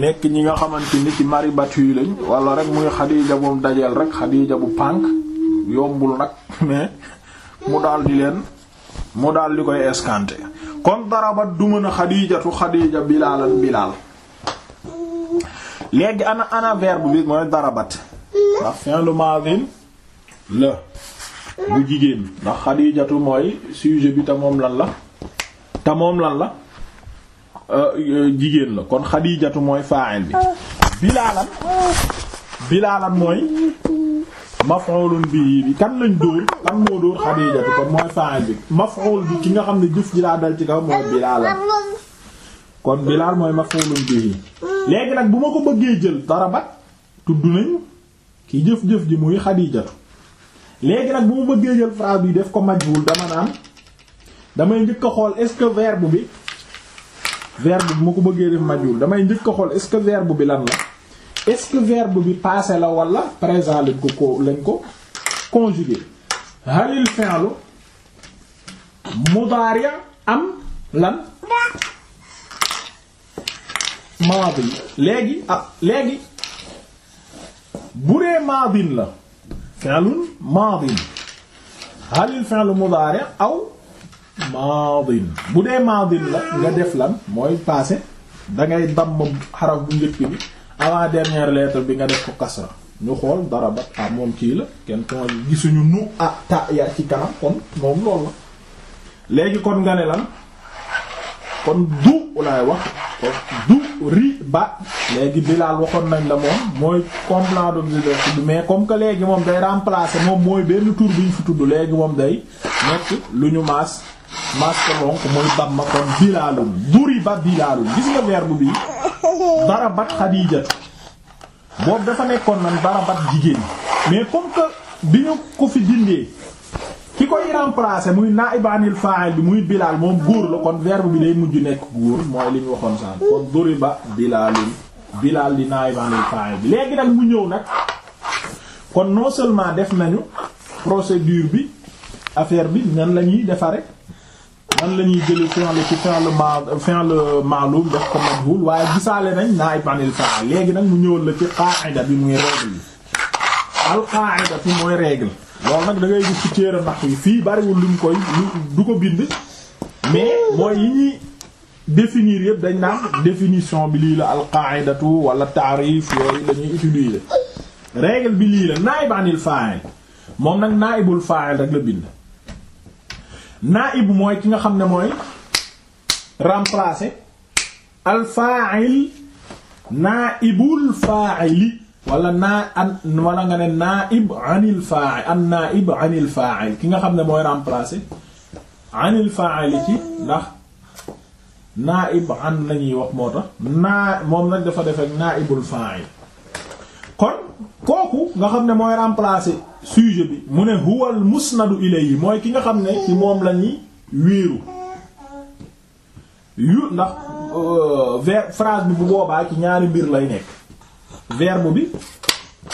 nekk ñi nga xamante ni ci maris battus walla rek muy xadiija moom dajeel rek xadiija bu pànk yombul nag mais mu daal di leen mu daal di koy escanté kon darabat du mën a xadiijatu xadiija bilaalal bilaal léegi ana ana verbe bi mooy darabat ndax fin lu la bu jigéen ndax xadiijatu mooy sujet bi te moom lan la te moom lan la euh, jigéen la kon xadiijatu mooy fa'il bi bilaalan bilaalan mooy maf'ulun bihi bi kan lañ dóor kan moo dóor Xadiijatu kon mooy fa'il bi maf'ul ki nga xam ne jëf ji laa dal ci kaw mooy Bilaal kon Bilaal mooy maf'ulun bihi léegi nag bu ma ko bëggee jël darabat tudd nañu ki jëf-jëf ji muy Xadiijatu léegi nag bu ma bëggee jël phrase bi def ko majhul dama naan damay njëkk a xool est-ce que verbe bi verbe bi bu ma ko bëggee def majhul damay njëkk a xool est-ce que verbe bi lan la est-ce que verbe bi paase la wala présent lañ ko ko lañ ko conjugué halil fi'lu mudaari am lan maadi léegi ah léegi bu dee maadin la fi'lun maadin halil fi'lu mudaari aw maadin bu dee maadin la nga def lan mooy passé da ngay xaraf bu njëkk bi avant dernière lettre bi nga def ko kasra ñu xool darabat ah moom kii la kenn ton gisuñu nu ah ta ya ci kanam kon moom loolu la léegi kon nga ne lan kon du laay wax du ri ba léegi bilaal waxoon nañ la moom mooy complément d'objet tudd mais comme que léegi moom day remplacer moom mooy benn tur bi ñu fi tudd léegi moom day nekk lu ñu maas maska lonk mooy damma kon bilaalum duriba bilaalum gis nga verbe bi darabat xadiijatu boobu dafa nekkoon nan darabat jigéen mais comme bi ñu ko fi dindee ki koy remplacer muy naa'ib anil fa'il bi muy bilaal moom góor la kon verbe bi day mujj nekk góor mooy li waxoon saan kon ba bilaalum bilaal di naa'ib anil fa'il bi léegi nag mu ñëw nag kon non seulement def nañu procédure bi affaire bi nan lañuy defare nan la ñuy jëlee fi'l ci fi'l ma fi'l ma'lum def ko majhul waaye gisaale nañ naa'ib anil fa'il léegi nag mu ñëwal la ci qaa'ida bi muy règle yi al qaa'ida fi mooy règle loolu nag da ngay gis ci téere nax yi fii bariwul lu ñu koy du ko bind mais mooy yi ñuy définir yëpp dañ naan définition bi lii la al qaa'idatu wala taarif yooyu la ñuy utiliser règle bi lii la naa'ib anil fa'il moom nag naa'ibul fa'il rek la bind naaibu mooy ki nga xam ne mooy remplacer al fa'il naaibul fa'ili wala naa an wala nga ne naaib anil fa'il an naaib anil fa'il ki nga xam ne mooy remplacer anil fa'ili ci ndax naaib an la wax moo tax naa moom nag dafa def ak naaibul fa'il kon kooku nga xam ne mooy remplacer sujet bi mu ne huwal musnadu yi mooy ki nga xam ne ci moom lañuy ñuy wéeru yu ndax euh, verbe bi bu boobaa ci ñaari mbir lay nekk verbe bi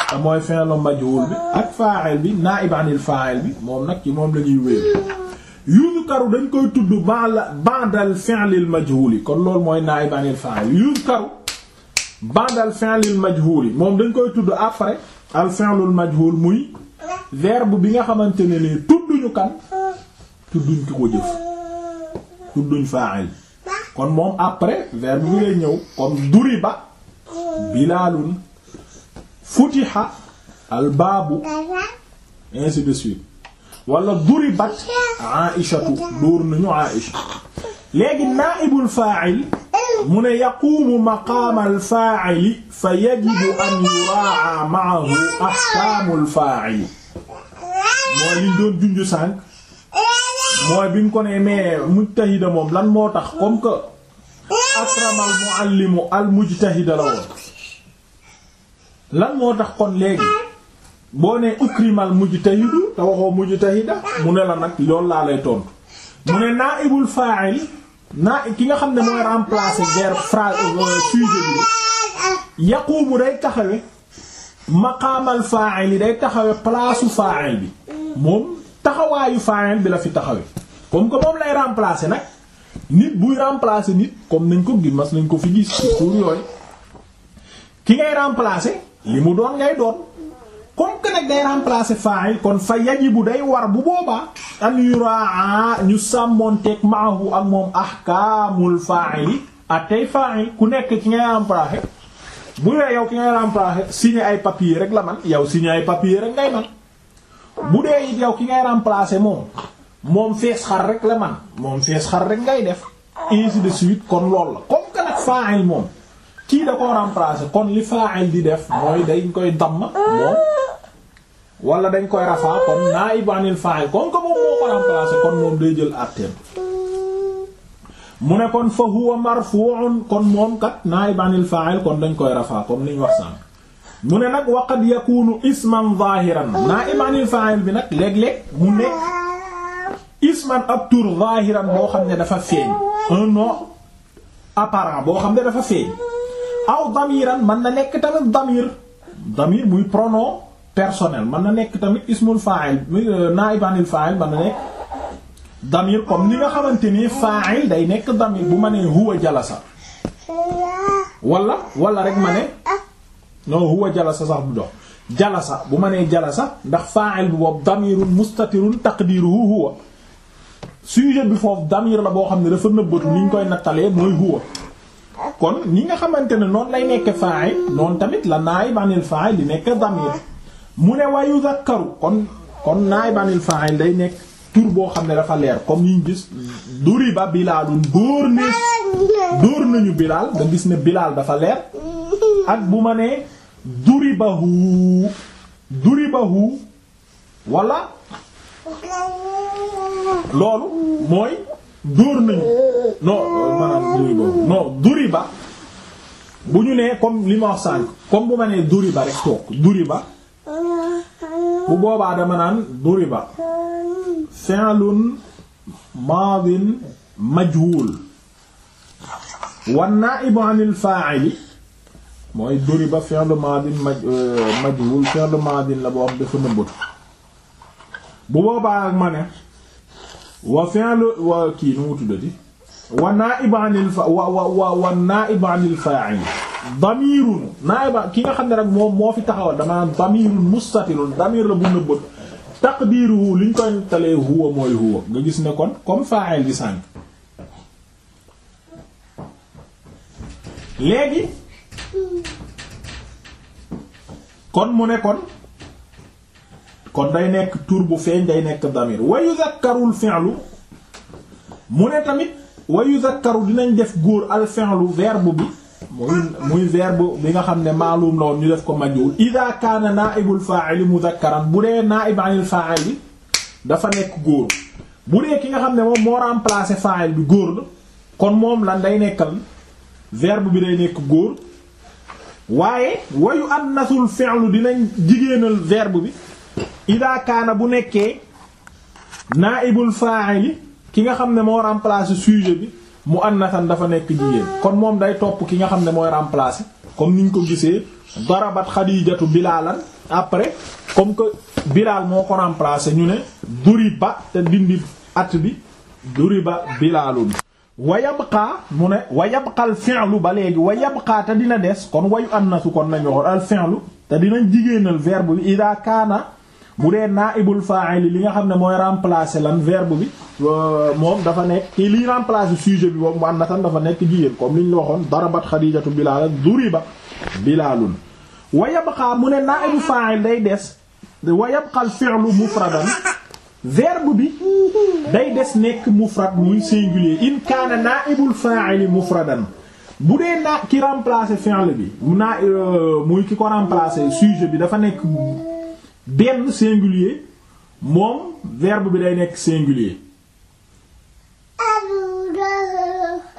te mooy fi'l majhul bi ak fa'il bi na'ib 'anil fa'il bi moom nag ci moom la ñuy wéeru yuzkaru dañ koy tudd ba'da ba'dal fi'lil yi kon loolu mooy na'ib 'anil fa'il yuzkaru ba'dal fi'lil yi moom dañ koy tudd après al fi'lul majhul muy verbe bi nga xamante ne nii tudduñu kan tudduñ ki ko jëf tudduñ fa'il kon moom après verbe bi lay ñëw comme duriba bilaalun futiha al baabu wala duribat aïshatu dóor nañu aïsha léegi naa'ibul faa'il mu ne yaquumu maqaamal faa'ili fa yajibu an yuraa'a ma'ahu ahkaamul faa'ili mooy liñ doon junju sànq mooy bi mu ko nee mais mujtahida moom lan moo tax comme que akramal muallimu al mujtahida la woon lan moo tax kon léegi boo nee ukrimal mujtahidu te waxoo mujtahida mu ne la nag yoon laa lay tontu mu ne naibul fa'il naa ki nga xam ne mooy remplacer vers phrase euh, sujet bi yaqumu day taxawe maqaamal fa'il yi day taxawe place fa'il bi moom taxawaayu faayaan bi la fi taxawee comme que moom lay remplacer nag nit buy remplacer nit comme nañ ko gis mas nañ ko fi gis ci cours yooyu ki ngay remplacer li mu doon ngay doon comme que nag day remplacer faayil kon fa yajibu day war bu boobaa an yuraa ñu sàmmoonteeg maahu ak moom ahkaamul faayili ak tey faayil ku nekk ci ngay remplacer bu dee yow ki ngay remplacer signer ay papier rek la man yow signer ay papier rek ngay man bu dee it yow ki ngay remplacer moom moom fees xar rek la man moom fees xar rek ngay def ainsi de suite kon loolu la comme que nag moom kii da koo remplacer kon li fa'il di def mooy dañ koy damm moom wala dañ koy rafaa kon na'ib anil fa'il comme que moom moo ko remplacer kon moom day jël artem mu ne kon fa huwa marfu'un kon moom kat na'ib anil fa'il kon dañ koy rafaa comme liñ wax sànq mu ne nag waqad yakunu isman zahiran na'ib anil bi nag léeg-léeg mu ne isman ab tur zahiran boo xam ne dafa feeñ un nom apparent boo xam ne dafa feeñ aw damiran mën na nekk tamit damir damir muy personnel mën na nekk tamit ismul fa'il euh, na'ib anil fa'il mën na nekk ni nga xamante ni fa'il day nekk damir bu ma nee huwa jalasa wala wala rek ma ne non huwa jalasa sax bu dox jalasa bu ma nee jalasa ndax fa'il bi boobu damirun mustatirun taqdiruhu huwa sujet bi foofu damir la boo xam ne dafa nëbbatu ni koy nattalee mooy huwa kon ñi nga xamante ne noonu lay nekk fa'il noonu tamit la naa'ib anil fa'il di nekk damir mu ne wa yuzakkaru kon kon naa'ib anil fa'il day nekk tur boo xam ne dafa leer comme ñu gis ba bilaadun dóor ne dóor nañu bilaal nga gis ne bilaal dafa leer ak bu ma duribahu duribahu wala loolu mooy dóor nañu non maanaam duriba bu ñu nee comme li ma wax sànk comme bu ma nee duriba rek toog duriba bu boobaa dama naan duriba fi'lun maadin majhul wa na'ibu 'anil fa'ili mooy duriba fi'l maadi maj euh, majhul fi'l maadi la boo xam nëbbatu bu boobaa ak ma ne wa fi'l wa kii nu mu tuddati wa naa'ib anil fa wa wa wa naa'ib anil faa'il damirun naa'ib ki nga xam ne rek moo fi taxawal dama damirun mustatirun damir la bu nëbbatu taqdiruhu liñ nga gis ne kon comme faa'il di sànq léegi kon mu ne kon kon day nekk tur bu feeñ day nekk damir wa yuzakkarul fi'lu mu ne tamit wa yuzakkaru dinañ def góor al fi'lu verbe bi muy muy bi nga xam ne maalum la woon ñu def ko majul ida kaana naibul fa'ili mudhakkaran bu dee naib anil fa'ili dafa nekk góor bu dee ki nga xam ne moom moo remplacer fa'il bi góor la kon moom lan day nekkal verbe bi day nekk góor waaye wayu annasul fi'lu dinañ jigéenal verbe bi ida kaana bu nekkee naibul fa'ili ki nga xam ne moo remplacer sujet bi mu annasan dafa nekk jigéen kon moom day topp ki nga xam ne mooy remplacer comme niñ ko gisee darabat xadijatu bilaalan après comme que bilaal moo ko remplacer ñu ne duriba te dindi at bi duriba bilaalun wa yabqaa mu ne wa yabqa al fi'lu ba léegi wa yabqaa te dina des kon wayu annasu kon nañu waxoon al fi'lu te dinañ jigéenal verbe bi ida mu bu dee naibul fa'il li nga xam ne mooy remplacer lan verbe bi moom dafa nekk te liy remplacer sujet bi boobu mu annatan dafa nekk jigéen comme liñ la waxoon darabat xadijatu bilaalan duriba bilaalun wa yabqaa mu ne naibul fa'il day des wa yabqa al fi'lu mufradan verbe bi day des nekk mufrad muy singulier in kaana naa'ibul faa'ili mufradan bu dee naa ki remplacer fi'l bi mu naa euh, muy ki ko remplacer sujet bi dafa nekk benn singulier moom verbe bi day nekk singulier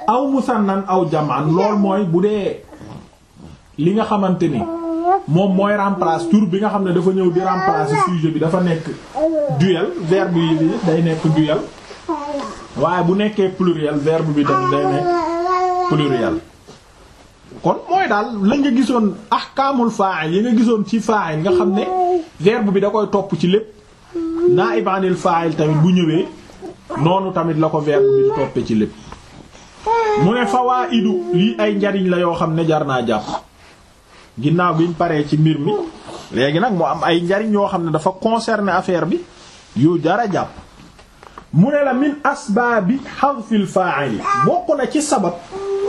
aw musanan aw jamaan lool mooy bu dee li nga xamante ni moom mooy remplace tur bi nga xam ne dafa ñëw di remplacer sujet bi dafa nekk duel verbe yi day nekk duel waaye bu nekkee pluriel verbe bi tamit day nekk pluriel kon mooy daal la nga gisoon ahkaamul fa'il yi nga gisoon ci fa'il nga xam ne verbe bi da koy topp ci lépp naa'ib anil fa'il tamit bu ñëwee noonu tamit la ko verbe bi di toppee ci lépp mu ne fawaa'idu lii ay njariñ la yoo xam ne jar naa jàpp ginnaaw biñ paree ci mbir mi léegi nag mu am ay njariñ yoo xam ne dafa concerner affaire bi yu dara jàpp mu ne la min asbaabi hadfil yi bokk na ci sabab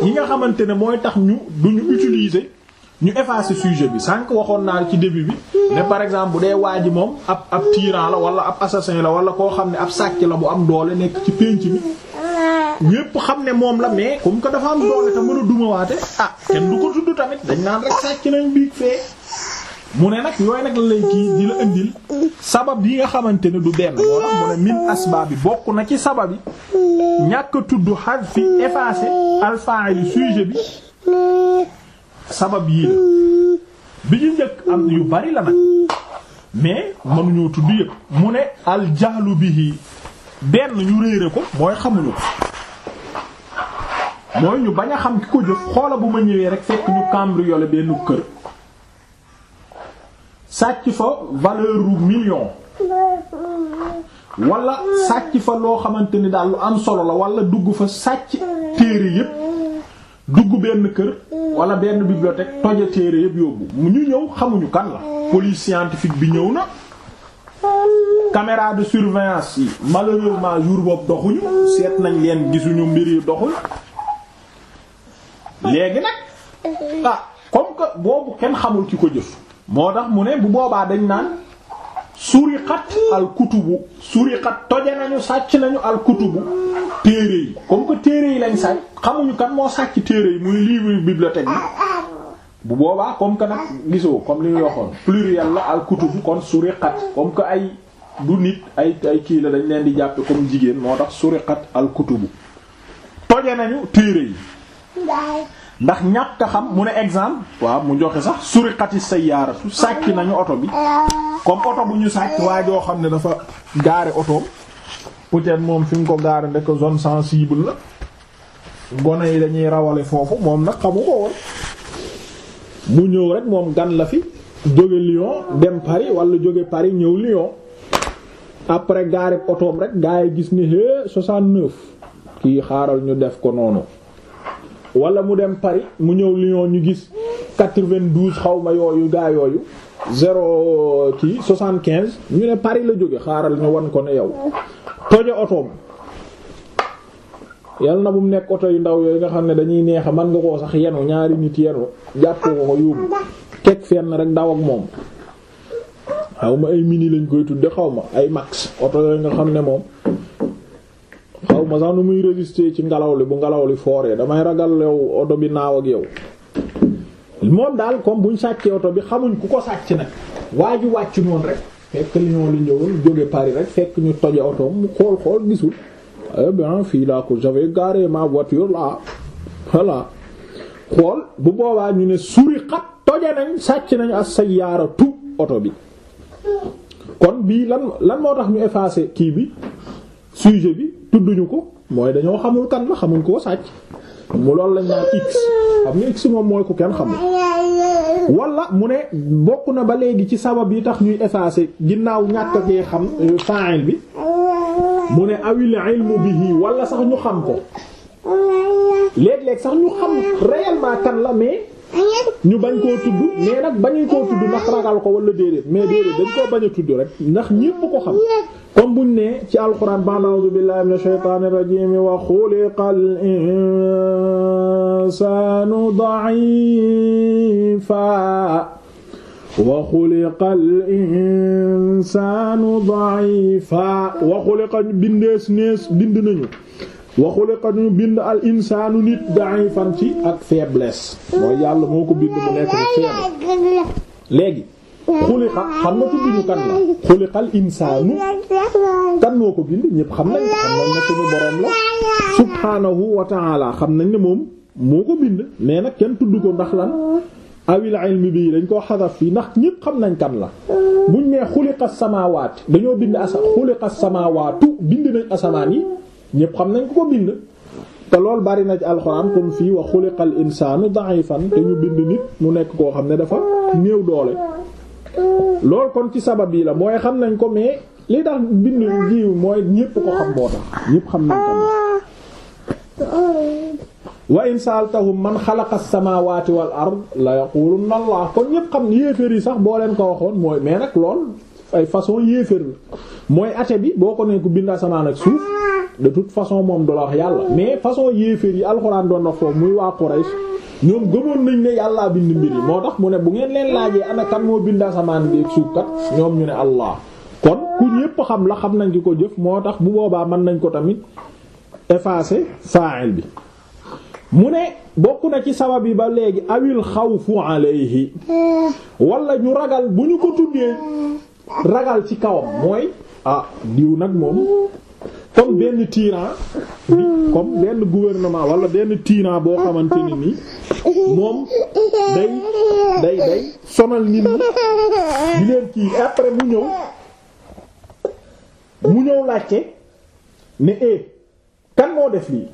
yi nga xamante ne mooy tax ñu duñu utilise ñu effacer sujet bi sànq waxoon naa ci début bi ne par exemple bu dee waa ji moom ab ab la wala ab assassin la wala koo xam ne ab sàcc la bu am doole nekk ci pénc mi ñépp xam ne moom la mais comme que dafa am doole te mën a dumawaate ah kenn du ko tudd tamit dañ naan rek sàcc nañ biig fee mu ne nag yooyu nag la lay kii di la indil sabab yi nga xamante ne du benn moo tax mu ne min asbaab bi bokk na ci sabab yi ñàkk tudd xar fi effacer al fa'il bi sabab yii la bi ñu njëkk am yu bari la nag mais mënuñoo tudd yëpp mu ne aljahlu bihi benn ñu réere ko mooy xamuñu ko mooy ñu bañ a xam ki ko jëf xoola bu ma ñëwee rek fekk ñu cambriolé benn kër sàcc fa valeur u million wala sàcc fa loo xamante ni daal lu am solo la wala dugg fa sàcc téere yépp dugg benn kër wala benn bibliothèque toja téere yëpp yóbbu mu ñu ñëw xamuñu kan la police scientifique bi ñëw na caméra de surveillance yi malheureusement jour boobu doxuñu seet nañ leen gisuñu mbir yi doxul léegi nag ah comme que boobu kenn xamul ki ko jëf moo tax mu ne bu boobaa dañ naan suriqat al kutubu xat toje nañu sàcc nañu al kutubu téere yi comme que téere yi lañ sàcc xamuñu kan moo sàcc téere yi muy livre bibliothèque yi bu boobaa comme que nag gisoo comme li ñu waxoon pluriel la al kutubu kon suriqat comme que ay du nit ay ay kii la dañ leen di jàppe comme jigéen moo tax suriqat al kutubu toje nañu téere yi ndax ñàkk xam mu ne exemple waaw mu joxe sax suriqati sayyaratu sàcc nañu oto bi comme oto bu ñu sàcc waa joo xam ne dafa gaare oto peut moom fi nga ko gaare ndek zone sensible la gone yi dañuy rawale foofu moom nag xamu ko mu ñëw rek moom gan la fi jóge lion dem Paris wala jóge Paris ñëw Lyon après gaare otoom rek gaa gis ni hé 69 kii xaaral ñu def ko noonu wala mu dem Paris mu ñëw Lyon ñu gis quatre-vingt-douze xaw ma yooyu gaa yooyu zéro euh, kii soixante-quinze ñu ne Paris la jóge xaaral ñu wan ko ne yow toje otoom yal na bu mu nekk oto yu ndaw yooyu nga xam ne dañuy neexa man nga koo sax yenu ñaari nit yenu jàppoo ko ko yóbbu teg fenn rek daw ak moom xaw ma ay mini lañ koy tudde xaw ma ay max oto yooyu nga xam ne moom xaw ma sax nu muy résister ci ngelaw li bu ngelaw li fooree damay ragal yow oto bi naaw ak yow moom daal comme buñ sàccee oto bi xamuñ ku ko sàcc nag waa ji wàcc noonu rek fekk li ñoo li ñëwoon jóge Paris rek fekk ñu toje oto mu xool xool gisul eh bien fii laa ko j'avais garé ma voiture là voilà xool bu boobaa ñu ne suriqat toje nañ sàcc nañ as-sayyaratu oto bi kon bii lan lan moo tax ñu effacer kii bi sujet bi tudduñu ko mooy dañoo xamul kan la xamuñ koo sàcc mu loolu lañ naan xam nga x moom mooy ku kenn xamul walla mu ne bokk na ba léegi ci sabab yi tax ñuy effacer ginnaaw ñàkk gee xam euh, fa'il bi mu ne awil bi bihi wala sax ñu xam ko léeg-léeg sax ñu xam réellement kan la mais ñu bañ koo tudd mais nag bañuñ koo tudd ko wala déedéet mais déedéet dañ koo bañ a tudd rek ndax ñépp ko xam comme buñ ne ci alxuraan ba a'uuzu a mina shaytaani rajiim wa xuliqal insaanu da'iifa wa xuliqal insaanu da'iifa wa xuliqa bindees nees bind nañu wa xuliqa ñu bind al insaanu nit da'ifan ci ak faiblesse mooy yàlla moo ko bind mu nekk ci faible léegi xuliqa xam nga tuddu ñu kan la xuliqa al insaanu kan moo ko bind ñépp xam nañ xam nañ ne suñu borom la subhaanahu wa xam nañ ne moom moo ko bind mais nag kenn tudd ko ndax lan awil ilmi bii dañ koo xasaf fii ndax ñépp xam nañ kan la buñ nee xuliqa samawaat dañoo bind asa xuliqa samaawaatu bind asamaan yi ñëpp xam nañ ku ko bind te loolu bari na ci alxuraan comme fii wa xuliqal insaanu da'ifan te ñu bind nit mu nekk koo xam ne dafa néew doole loolu kon ci sabab yi la mooy xam nañ ko mais li tax bind jiw mooy ñëpp ko xam boo tax ñëpp xam nañ ko wa in sa'altahum man xalaqa as-samaawaati wal ard la yaqulunna Allah kon ñëpp xam yéeféer yi sax boo leen ko waxoon mooy mais nag lool ay façon yéeféer la mooy athée bi boo ko ne ko bind asamaan ak suuf da toute façon moom du la yàlla mais façon yéeféer yi alxuraan doon na foofu muy waa Quraysh ñoom gëmoon nañ ne yàlla bind mbir yi moo tax mu ne bu ngeen leen laajee ana kan moo bind asamaan bi ak suuf kat ñoom ñu ne allah kon ku ñépp xam la xam nañ ki ko jëf moo tax bu boobaa mën nañ ko tamit effacer fa'il bi mu ne bokk na ci sabab yi ba léegi awil xawfu alayhi wala ñu ragal bu ñu ko tuddee ragal ci kawam mooy ah diw nag moom comme benn tyran comme benn gouvernement wala benn tyran boo xamante ne ni moom day day day sonal nit ñi di leen kii après mu ñëw mu ñëw laajte ne eh kan moo def lii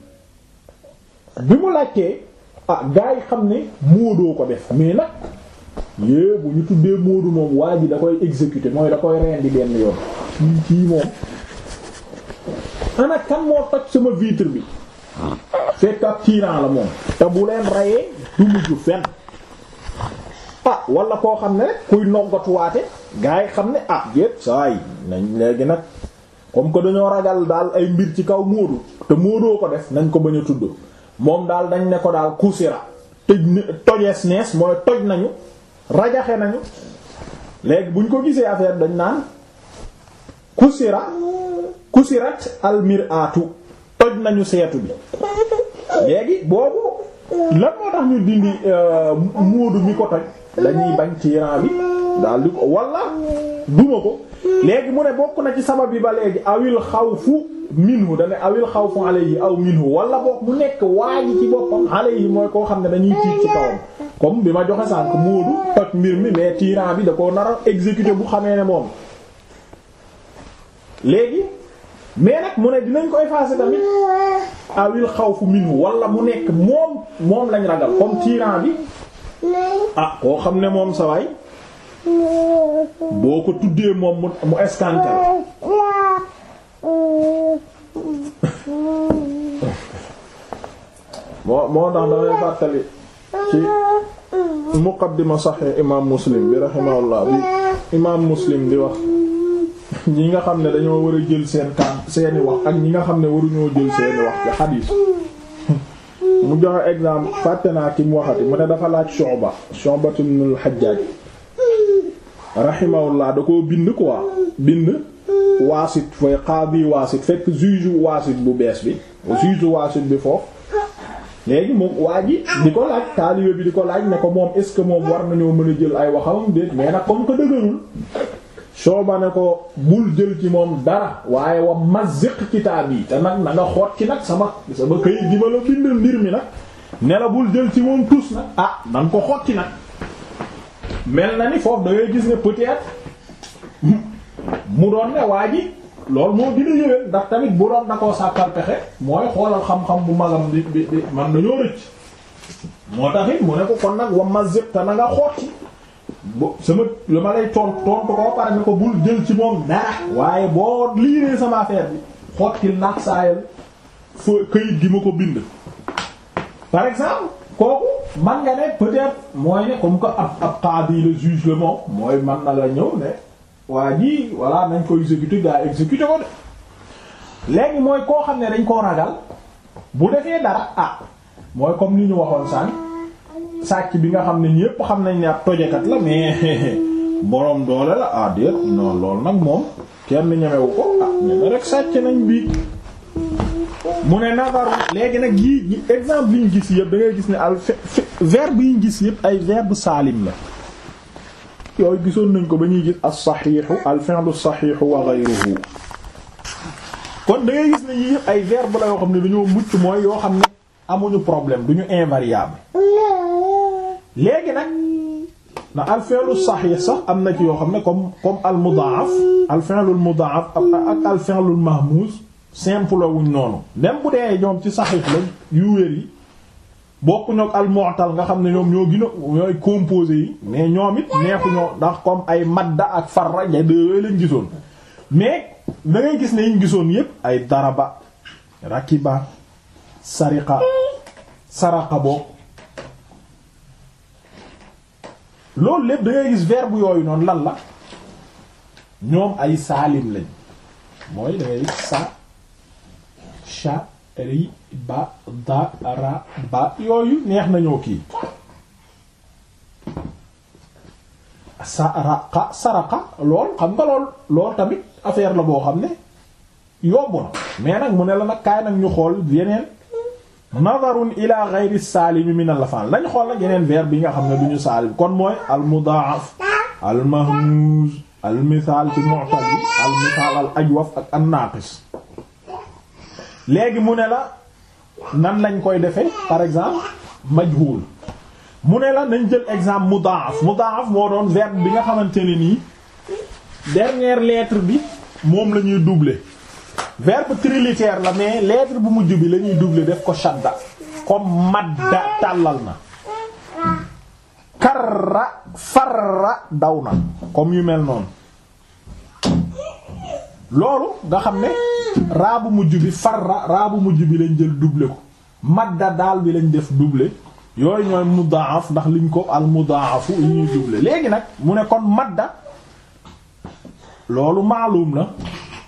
bi mu laajtee ah gars yi xam ne moodoo ko def mais nag. yée ñu tuddee Moodu moom waa ji da koy exécuter mooy da koy di benn yoon kii kii moom ana kan moo toj sama vitre bi fekk ab tyran la moom te bu leen rayee du mujj fenn ah wala koo xam ne rek kuy noggatuwaate gars yi xam ne ah jépp saa yi nañ léegi nag comme que dañoo ragal daal ay mbir ci kaw Moodu te Moodoo ko def nañ ko bañ a tudd moom daal dañ ne ko daal kusira tëj tojees nees mooy toj nañu rajaxe nañu léegi buñ ko gisee affaire dañ naan kusira kusirat almiratu toj nañu seetu bi léegi boobu lan moo tax ñu dindi euh, móodu mi ko toj dañuy bañ tyran bi daal di ko wala duma ko léegi mu ne bokk na ci sabab yi ba léegi awil xawfu minhu dane awil xawfu yi aw minhu wala bokk mu nekk waaji ci boppam yi mooy koo xam ne dañuy tiit ci kawam comme bi ma joxe sànk móodu toj mbir mi mais tyran bi da ko nar a exécuté bu xamee ne moom léegi mais nag mu ne dinañ ko effacer tamit awil xawfu minhu walla mu nekk moom moom lañ ragal comme tyran bi ah koo xam ne moom sa waay boo ko tuddee moom mu mu escanter moo moo tax damay fàttali ci muqaddima saxee imaam muslim bi rahimahullah bi imaam muslim di wax ñi nga xam ne dañoo war a jël seen kan seeni wax ak ñi nga xam ne waruñoo jël seeni wax ci xadiis mu joxe exemple fàtte naa ki mu waxati mu ne dafa laaj Shu'ba Shu'ba ibn al-Hajjaj rahimahullah da koo bind quoi bind waasit fay xaadi waasit fekk u waasit bu bees bi juge waasit bi foofu léegi moom waa ji di ko laaj taalibe bi di ko laaj na ko moom est ce que moom war nañoo mën a jël ay waxam déet mais nag comme que dëgërul sooba ne ko bul jël ci moom dara waaye wa maziq kitaab yi te nag na nga xoot ci nag sama sama këyit di ma la bindal mbir mi nag ne la bul jël ci moom tus nag ah na nga ko xotti nag mel na ni foofu da gis ne peut mu doon ne waa ji loolu moo gën a yëwén ndax tamit bu doon da koo sàkkal pexe mooy xoolal xam-xam bu magam bi bi bi man rëcc moo taxit mu ne ko nag wa ma zëp te na nga xotti bo sama la ma lay tontu tontu ko pare ne ko bul jël ci moom dara waaye boo liiree sama affaire bi xottil naak saayal fa këyit gi ma ko bind par exemple kooku man nga ne peut-être mooy ne comme que ab ab qaadi le juge le moom mooy man na la ñëw ne waa ji voilà nañ ko exécuter gaa exécuter ko de léegi mooy koo xam ne dañ koo ragal bu defee dara ah mooy comme ni ñu waxoon sànq sàcc bi nga xam ne ñépp xam nañ ne ab tojekat la mais boroom doole la ah déet non loolu nag moom kenn ñemewu ko ah ñeme rek sàcc nañ bii mu ne nazaru léegi nag yii exemple yi ñu gis yëpp da ngay gis ne al verbe yi ñu gis yëpp ay verbe saalim la yooyu gisoon nañ ko ba ñuy gis as saxiixu al fi'lu saxiixu wa ghayruhu kon da ngay gis ne yii yëpp ay verbe la yoo xam ne dañoo mucc mooy yoo xam ne amuñu problème duñu invariable léegi nag na al fi'lu saxiix sax am na ci yoo xam ne comme comme al mudaaf al fi'lu mudaaf ak al fi'lu mahmuuz simple noonu même bu dee ñoom ci saxiix lañ yu wér yi bokkuñu ak nga xam ne ñoom ñoo gën a ñooy composé yi mais ñoom it neexuñoo ndax comme ay madda ak far ja de lañ mais da ngay gis ne yiñ gisoon yépp ay daraba rakiba sariqa saraqa loolu lépp dangay gis verbe yooyu noonu lan la ñoom ay saalim lañ mooy da ngay sha ri ba yooyu neex nañoo kii saraqa saraqa lool xam nga lool lool tamit affaire la boo xam ne yobbu na mais nag mu ne la nag kaay nag ñu xool yeneen nazarun ila ghayri saalimi min al-lafan lañ xool nag yeneen verbe bi nga xam ne duñu saalim kon mooy al-mudaaf al-mahmuz al-mithal ci al ajwaf ak an-naqis léegi mu ne la nan lañ koy defee par exemple majhul mu ne la nañ jël exemple mudaaf mudaaf moo doon verbe bi nga xamante ne nii dernière lettre bi moom la ñuy doubler verbe trilitère la mais lettre bu mujj bi la ñuy doubler def ko shadda comme madda tàllal na karra farra daw na comme yu mel noonu loolu nga xam ne raabu mujj bi farra raabu mujj bi lañ jël doublé ko madda daal bi lañ def duble yooyu ñooy mudaaf ndax liñ ko al mudaafu yi ñuy doublé léegi nag mu ne kon madda loolu maalum la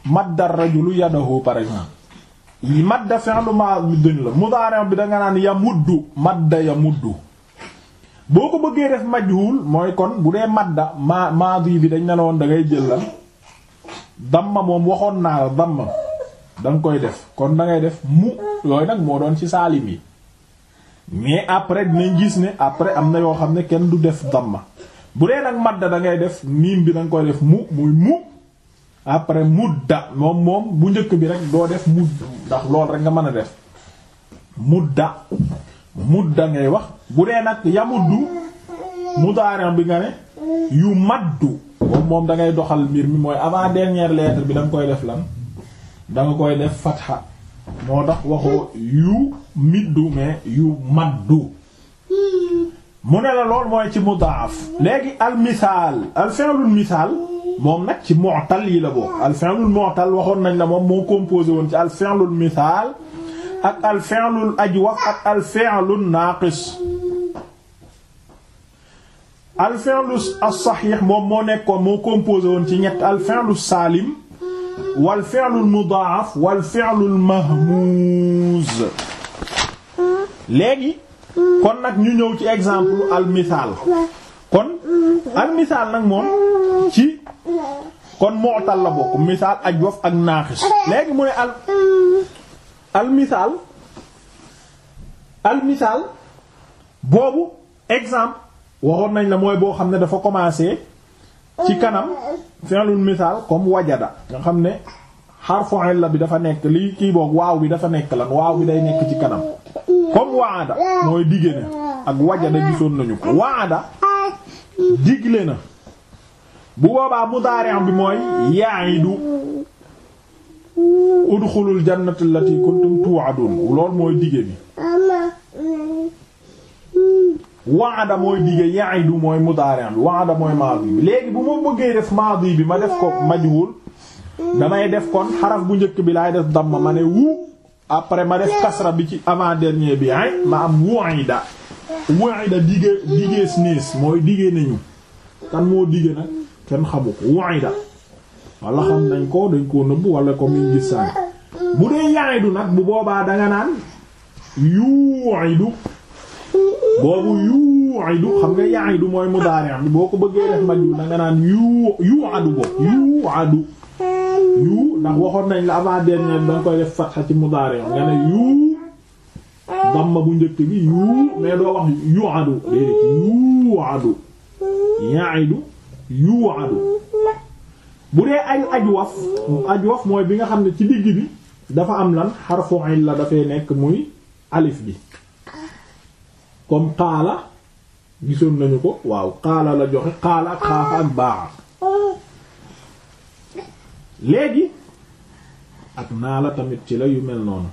madda rajulu yadahu par exemple madda fi'lu madin la mudaari bi da nga naan yamuddu madda yamuddu boo ko bëggee def majhul mooy kon bu dee madda ma maadi bi dañ ne la woon jël la damma moom waxoon naa la damma danga koy def kon dangay def mu yooy nag moo doon ci saalim yi mais après dinañ gis ne après am na yoo xam ne kenn du def damma bu dee nag madda da ngay def miim bi danga koy def mu muy mu après mudda moom moom bu njëkk bi rek doo def mudd ndax rek nga mën a def mudda mudda ngay wax bu dee nag yamuddu mudaarin bi nga ne yu maddu boobu moom dangay doxal mbir mi mooy avant dernière lettre bi da koy def lan da koy def fatha moo tax waxoo yu middu mais yu maddu mu ne la lool mooy ci mudaaf léegi al misaal al fi'lul misaal moom nag ci mu'tal yi la bokk al fi'lul mu'tal waxoon nañ la moom moo composé woon ci al fi'lul misaal ak al fi'lul ajwaf ak al fi'lun naaqis al fi'lu as-sahih moom moo nekkoon moo composé woon ci ñett al fi'lu saalim wal fi'lu mudaaf wal fi'lu mahmuuz léegi kon nag ñu ñëw ci exemple al misaal kon al misaal nag moom ci kon mu'tal la bokk misaal ajwaf ak naaxis léegi mu ne al al misaal al misaal boobu exemple waxoon nañ la mooy boo xam ne dafa commencé ci kanam fi'lul misaal comme wajada nga xam ne xarfu la bi dafa nekk li kii boog waaw bi dafa nekk lan waaw bi day nekk ci kanam comme waada mooy diggé na ak wajada gisoon nañu ko waada digle na bu boobaa mudaari' bi mooy ya'idu udxulul jannata allati kuntum tu'adun lool mooy diggé bi waada mooy dige ya'idu mooy mudaari' bi waada mooy maadi bi léegi bu ma bëggee def maadi bi ma def ko majwul damay def kon xaraf bu njëkk bi laay def damm ma ne wu après ma def kasra bi ci avant dernier bi ay ma am wa'ida wa'ida dige dige sniis mooy dige nañu kan moo dige nag kenn xamu ko wa'ida wala xam nañ ko dañ koo nëbb wala ko min gis sànk bu dee ya'idu nag bu boobaa danga naan yu'idu boobu yu'idu xam nga ya'idu mooy mudaari' boo ko bëggee def maj da naan yu yu'adu bopp yu'adu ndax waxoon nañ la avant dernier da nga koy def fatxa ci mudaari' nga ne yu damma bu njëkk bi yu mais doo wax yu'adu déedéet yu'adu ya'idu yu'adu bu dee ay ajwaf ajwaf mooy bi nga xam ne ci digg bi dafa am lan xarfu illa la dafay nekk muy alif bi comme xaala gisoon nañu ko waaw xaala la joxe xaala ak xaafa ak baaxa léegi ak naa la tamit ci la yu mel noonu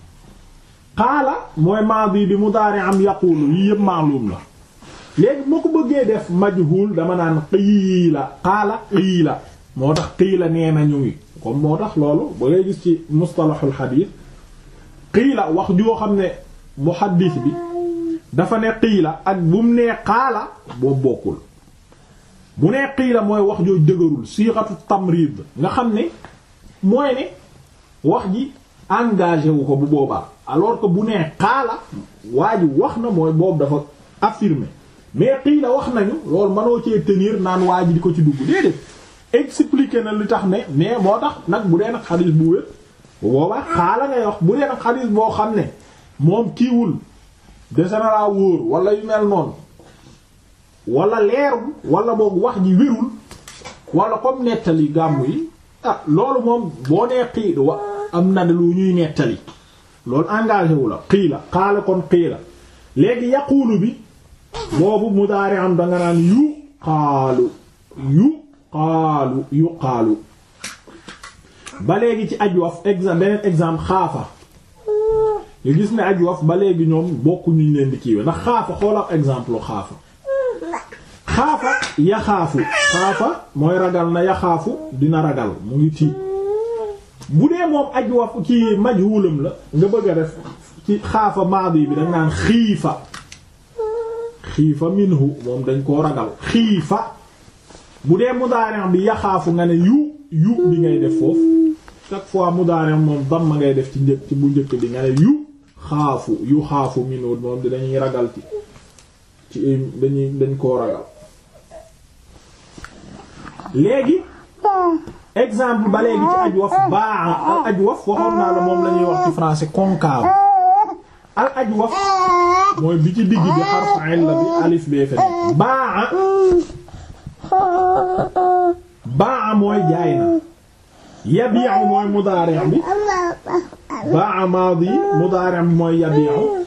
xaala mooy maadi bi mu mudaari am yaqulu yi yëpp maalum la léegi moo ko bëggee def majhul dama naan qiila xaala la moo tax qiila nee na ñu ngi comme moo tax loolu ba ngay gis ci mustalahul xadiis qiila wax joo xam ne muhaddis bi dafa ne qiila ak bu mu nee qaala boo bokkul bu nee qiila mooy wax jooju dëgërul siixatu tamrid nga xam ne mooy ne wax ji engagé wu ko bu boobaa alors que bu nee qaala waa ji wax na mooy boobu dafa affirmé mais qiila wax nañu loolu mënoo cee tenir naan waa ji di ko ci dugg déedéet expliqué na li tax ne mais moo tax nag bu dee nag xadis bu wér bu boobaa xaala ngay wax bu dee nag xadis boo xam ne moom kiiwul dese wóor wala yu mel noonu wala leerul wala boog wax ji wérul wala comme nettali gàmm yi ah loolu moom boo nee wa am na lu ñuy nettali loolu engagé wu la xii la xaala kon xii la léegi yaquulu bi boobu mudaari am danga naan yu xaalu yu ba léegi ci ajwaf exemple beneen exemple xaafa ñu gis ne aj waf ba léegi ñoom bokku ñu leen bi kiiwe ndax xaafa xoolal exemple xaafa xaafa yaxaafu xaafa mooy ragal na yaxaafu dina ragal mu ngi tiit bu dee moom aj waf ci majhulam la nga bëgg a def ci xaafa maadi bi dañ naan xiifa xiifa minhu moom dañ koo ragal xiifa bu dee mudaari' bi yaxaafu nga ne yu yu bi ngay def foofu chaque fois mudaari' moom damma ngay def ci njëkk ci bu njëkk bi nga ne yu xaafu yu xaafu minut moom léegi exemple ba léegi ci aj waf baa al aj waf waxoon naa la moom la ñuy wax ci français concave al aj waf mooy bi ci digg bi xarfu illa bi alif bee fa nekk mooy jaay yabi'u mooy mudaari' bi ba'a maadi mudaari' bi mooy yabi'u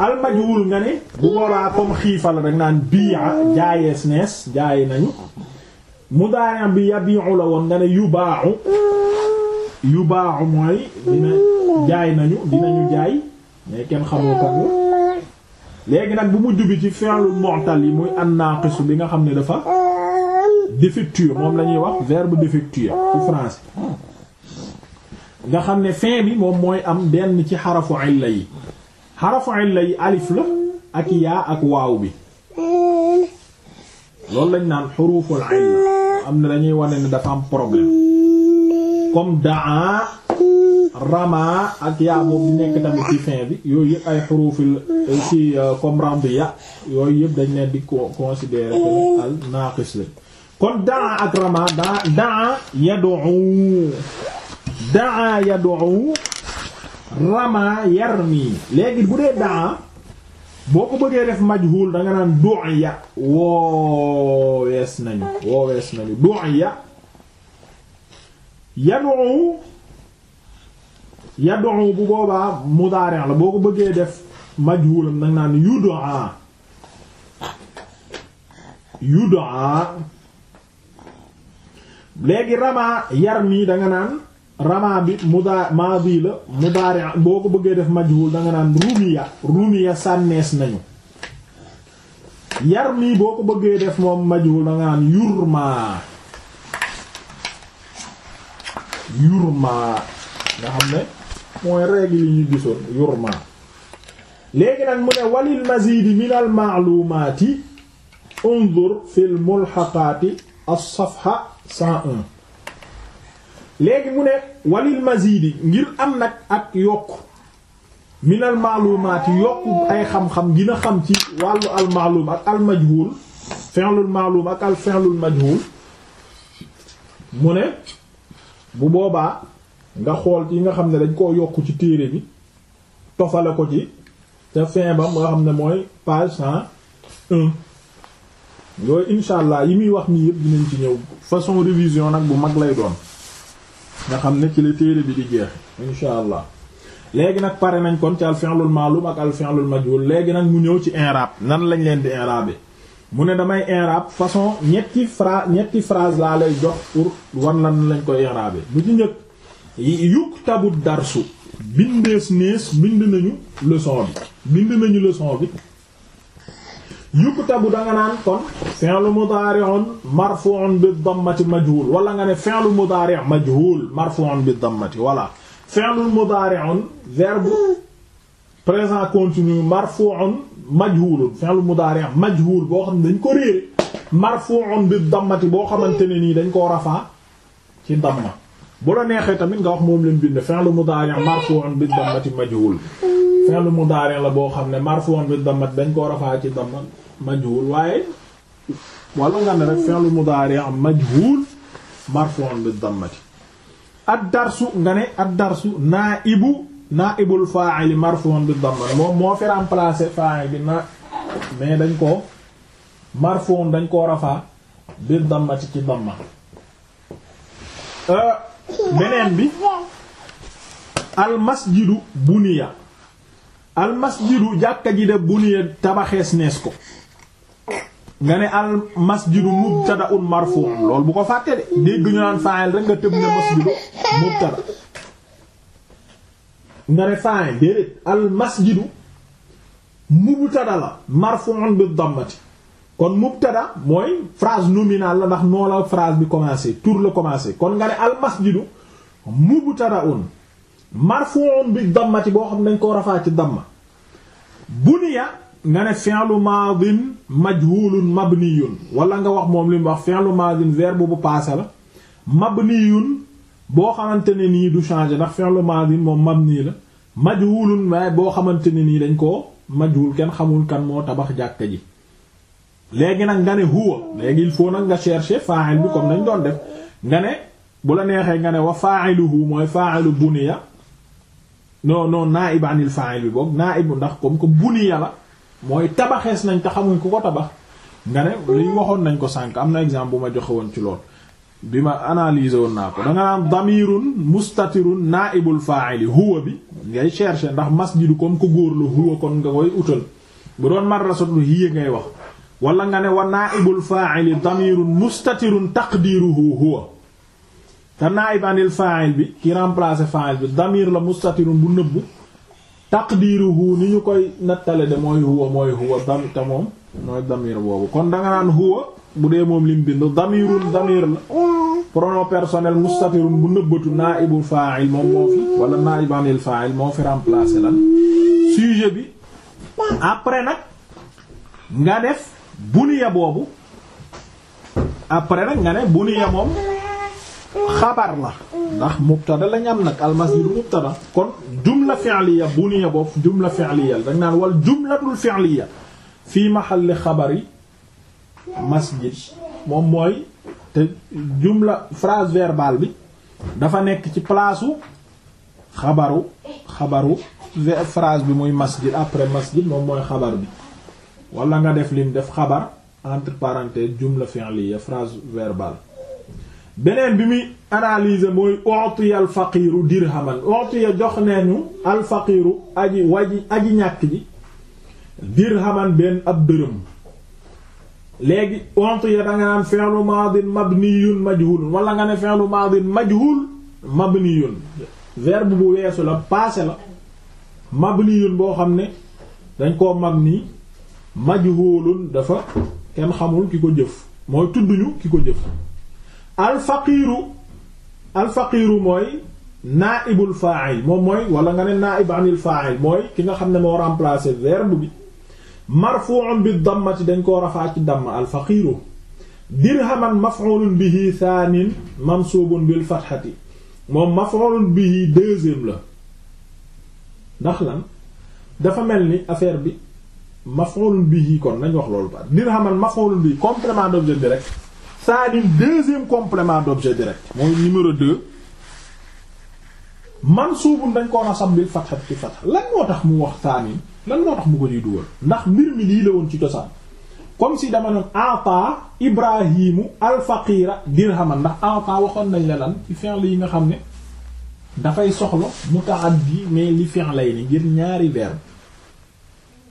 al majhul nga ne bu boobaa comme xiifa la rek naan bi'a jaayees snes jaaye nañu mudaari' bi yabi'u la woon nga ne yubaa'u yubaa'u mooy dina jaay nañu dinañu jaay mais kenn xamoo ko léegi nag bu mujj bi ci fi'lu mu'tal yi muy an-naaqis bi nga xam ne dafa défectueux moom la ñuy wax verbe défectueux ci français nga xam ne fin bi moom mooy am benn ci xarafu illa yi xarafu illa alif la ak yaa ak waaw bi loolu lañ naan xuruful illa am na dañuy wane ne dafa am problème comme daa rama ak yaa boobu di nekk tamit ci fin bi yooyu yëpp ay xurufil ci euh, comme rand ya yooyu yëpp dañ leen di considérer al naaqis lañ kon daa ak rama daa daa yad'u daa yad'u rama yarmi léegi bu dee daa boo ko bëggee def majhul da nga naan du'ya woowees nañu woowees nañu du'ya yad'u bu boobaa mudaari' la boo ko bëggee def majhulam da nga naan yud'a yud'a léegi ramaa yar mii da naan ramaa bi muda maadi la mudaari boo ko bëggee def majhul da nga naan rumiya rumiya sànnees nañu yar mii boo ko bëggee def moom majhul da nga naan yurmaa yurmaa nga xam ne mooy règle yi ñu gisoon yurmaa léegi nag mu ne walil mazidi min al ma'lumati unzur fil mulhaqati as-safha 101 léegi mu ne walil mazidi ngir am nag ak yokk minal maalumaat yi yokk ay xam-xam gina xam ci wàllu al maalum ak al majhul fi'lul maalum ak al fi'lul majhul mu ne bu boobaa nga xool ci nga xam ne dañ koo yokk ci téere bi tofale ko ci ca fin ba nga xam ne mooy yooyu insha allah yi muy wax nii yëpp dinañ ci ñëw façon révision nag bu mag lay doon nga xam ne ci la téere bi di jeex insha allah léegi nag pare nañ kon ci al fi'lul ma'lum ak al fi'lul majhul léegi nag mu ñëw ci i'rab nan lañ leen di bi mu ne damay i'rab façon ñetti fra ñetti frase laa lay jot pour wan lan lañ koy bi bu ci njëkk yuktabu darsu bindees nees bind nañu leçon bi bind nañu leçon bi yuktabu da nga naan kon fi'lu mudari'un marfu'un bi dammati majhul wala nga ne fi'lu mudari' majhul marfu'un bi dammati voilà fi'lu mudari'un verbe présent continu marfu'un majhulun fi'lu mudari' majhul boo xam ne dañ ko réere marfu'un bi dammati boo xamante ne nii dañ koo rafaa ci damma bu la neexee tamit nga wax moom leen bind fi'lu mudari' marfu'un bi dammati majhul fi'lu mudari' la boo xam ne marfu'un bi dammati dañ koo rafaa ci damma majhul waaye wala nga ne rek fi'l mudari am majhul marfu'un bi dammati ad nga ne ad-darsu na'ibu na'ibul fa'il marfu'un bi damma moom moo fi remplacer fa'il bi na mais dañ koo marfu'un dañ koo rafa bi dammati ci damma euh, beneen bi al masjidu buniya al masjidu jàkka ji de buniya tabaxees nees ko nga ne al masjidu mubtada'un marfu'un loolu bu ko fàtte de dégg ñu naan fa'il rek nga tëb ne masjidu mubtada nga ne fa'il déedéet al masjidu mubtada la marfu'un bi dammati kon mubtada mooy phrase nominale la ndax noo la phrase bi commencé tour la commencé kon nga ne al masjidu mubtada'un marfu'un bi dammati boo xam ne dañ ko rafaa ci damma buniya nga ne fi'lu mab majhulun mabniyun wala nga wax moom li wax fi'lu maadin verbe bu paase la mabniyun boo xamante ne nii du changer ndax fi'lu maadin moom nii la majhulun waaye boo xamante ne nii dañ koo majhul kenn xamul kan moo tabax jàkka ji léegi nag nga ne huwa léegi il nag nga chercher fa'il bi comme nañ doon def nga ne bu la neexee nga ne wax wa fa'iluhu mooy fa'ilu buniya non non naa'ib anil fa'il bi boog naa'ib ndax comme que buniya la mooy tabaxees nañ te xamuñ ku ko tabax nga ne liñ waxoon nañ ko sànk am na exemple bu ma joxe woon ci lool bi ma analyser woon naa ko danga naan damirun mustatirun naibul fa'ili huwa bi ngay chercher ndax masjidu comme ko góor la huwa kon nga koy utal bu doon mar madrasatu hiya ngay wax wala nga ne wa naibul fa'ili damirun mustatirun taqdiruhu huwa te naib anil fa'il bi ki remplacer fa'il bi damir la mustatirun bu nëbbu taqdiruhu ni ñu koy nattale de mooy huwa mooy huwa te moom mooy damir boobu kon danga naan huwa bu dee moom lim bind damirun damir la pronom personnel mustatirun bu nëbbatu na'ibu fa'il moom moo fi wala na'ibanil fa'il moo fi remplacer lan sujet bi après nag nga def buniya boobu après nag nga ne buniya moom xabar la ndax mubtada lañ am nag almasjidu mubtada kon jumla fi'liya buniya boof jumla fi'liya dañ naan wal jumlatul fi'liya fii mahalli xabari masjid moom mooy te jumla phrase verbale bi dafa nekk ci place u xabaru xabaru phrase bi muy masjid après masjid moom mooy xabar bi wala nga def lim def xabar entre parenthèses jumla fi'liya phrase verbale beneen bi muy analyser mooy utiya alfaqiiru dirhaman utiya jox nañu alfaqiiru aji waji aji ñàkk ji dirhaman benn ab dërëm léegi utiya da nga naan fi'lu maadin mabniyun majhul wala nga ne fi'lu maadin majhul mabniyun verbe bu weesu la passé la mabniyun boo xam ne dañ koo mabni majhulun dafa kenn xamul ki ko jëf mooy tudduñu ki ko jëf alfaqiiru alfaqiiru mooy naaibul fa'il moom mooy wala nga ne naaib anil fa'il mooy ki nga xam ne moo remplacer verbe bi marfu'un bi dammati dañ koo rafaa ci damm alfaqiiru dirhaman maf'ulun bihi thaanin mansuubun bil fathati moom maf'ulun bihi deuxième la ndax lan dafa mel ni affaire bi maf'ulun bihi kon nañ wax loolu par dirhaman maf'ulun bihi complément bi rek saalim deuxième complément d'objet direct mooy numéro deux mansuubun dañ ko nasab bil fatha ci fatha lan moo tax mu wax saalim lan moo tax mu ko di dugal ndax mbir mi lii la woon ci cosaan comme si dama noon ata ibrahimu alfaqira dirhaman ndax ata waxoon nañ la lan ci fi'l yi nga xam ne dafay soxla mutaaddi mais li fi'l lay ni ngir ñaari verbe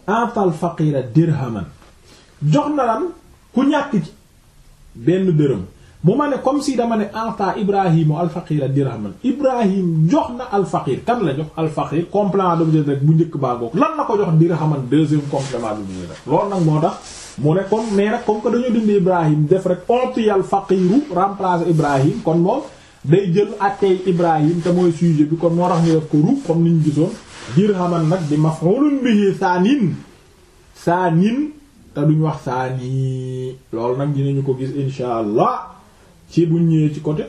ata alfaqira dirhaman jox na lan ku ñàkk ci benn dërëm mu ma ne comme si dama ne anta ibrahimu alfaqira dirhaman ibrahim jox na alfaqir kan la jox alfaqir complément d'objet rek bu njëkk baa goog lan na ko jox dirhaman deuxième complément d'objet rek loolu nag moo tax mu ne comme mais nag comme que dañoo dindi ibrahim def rek onti alfaqiru remplacer ibrahim kon moom day jël attey ibrahim te mooy sujet bi kon moo tax ñu def ko ru comme niñ gisoon dirhaman nag di maf'ulun bihi saanin saanin te duñ wax saa nii loolu nag dinañu ko gis insha allah ci buñ ñëwee ci côté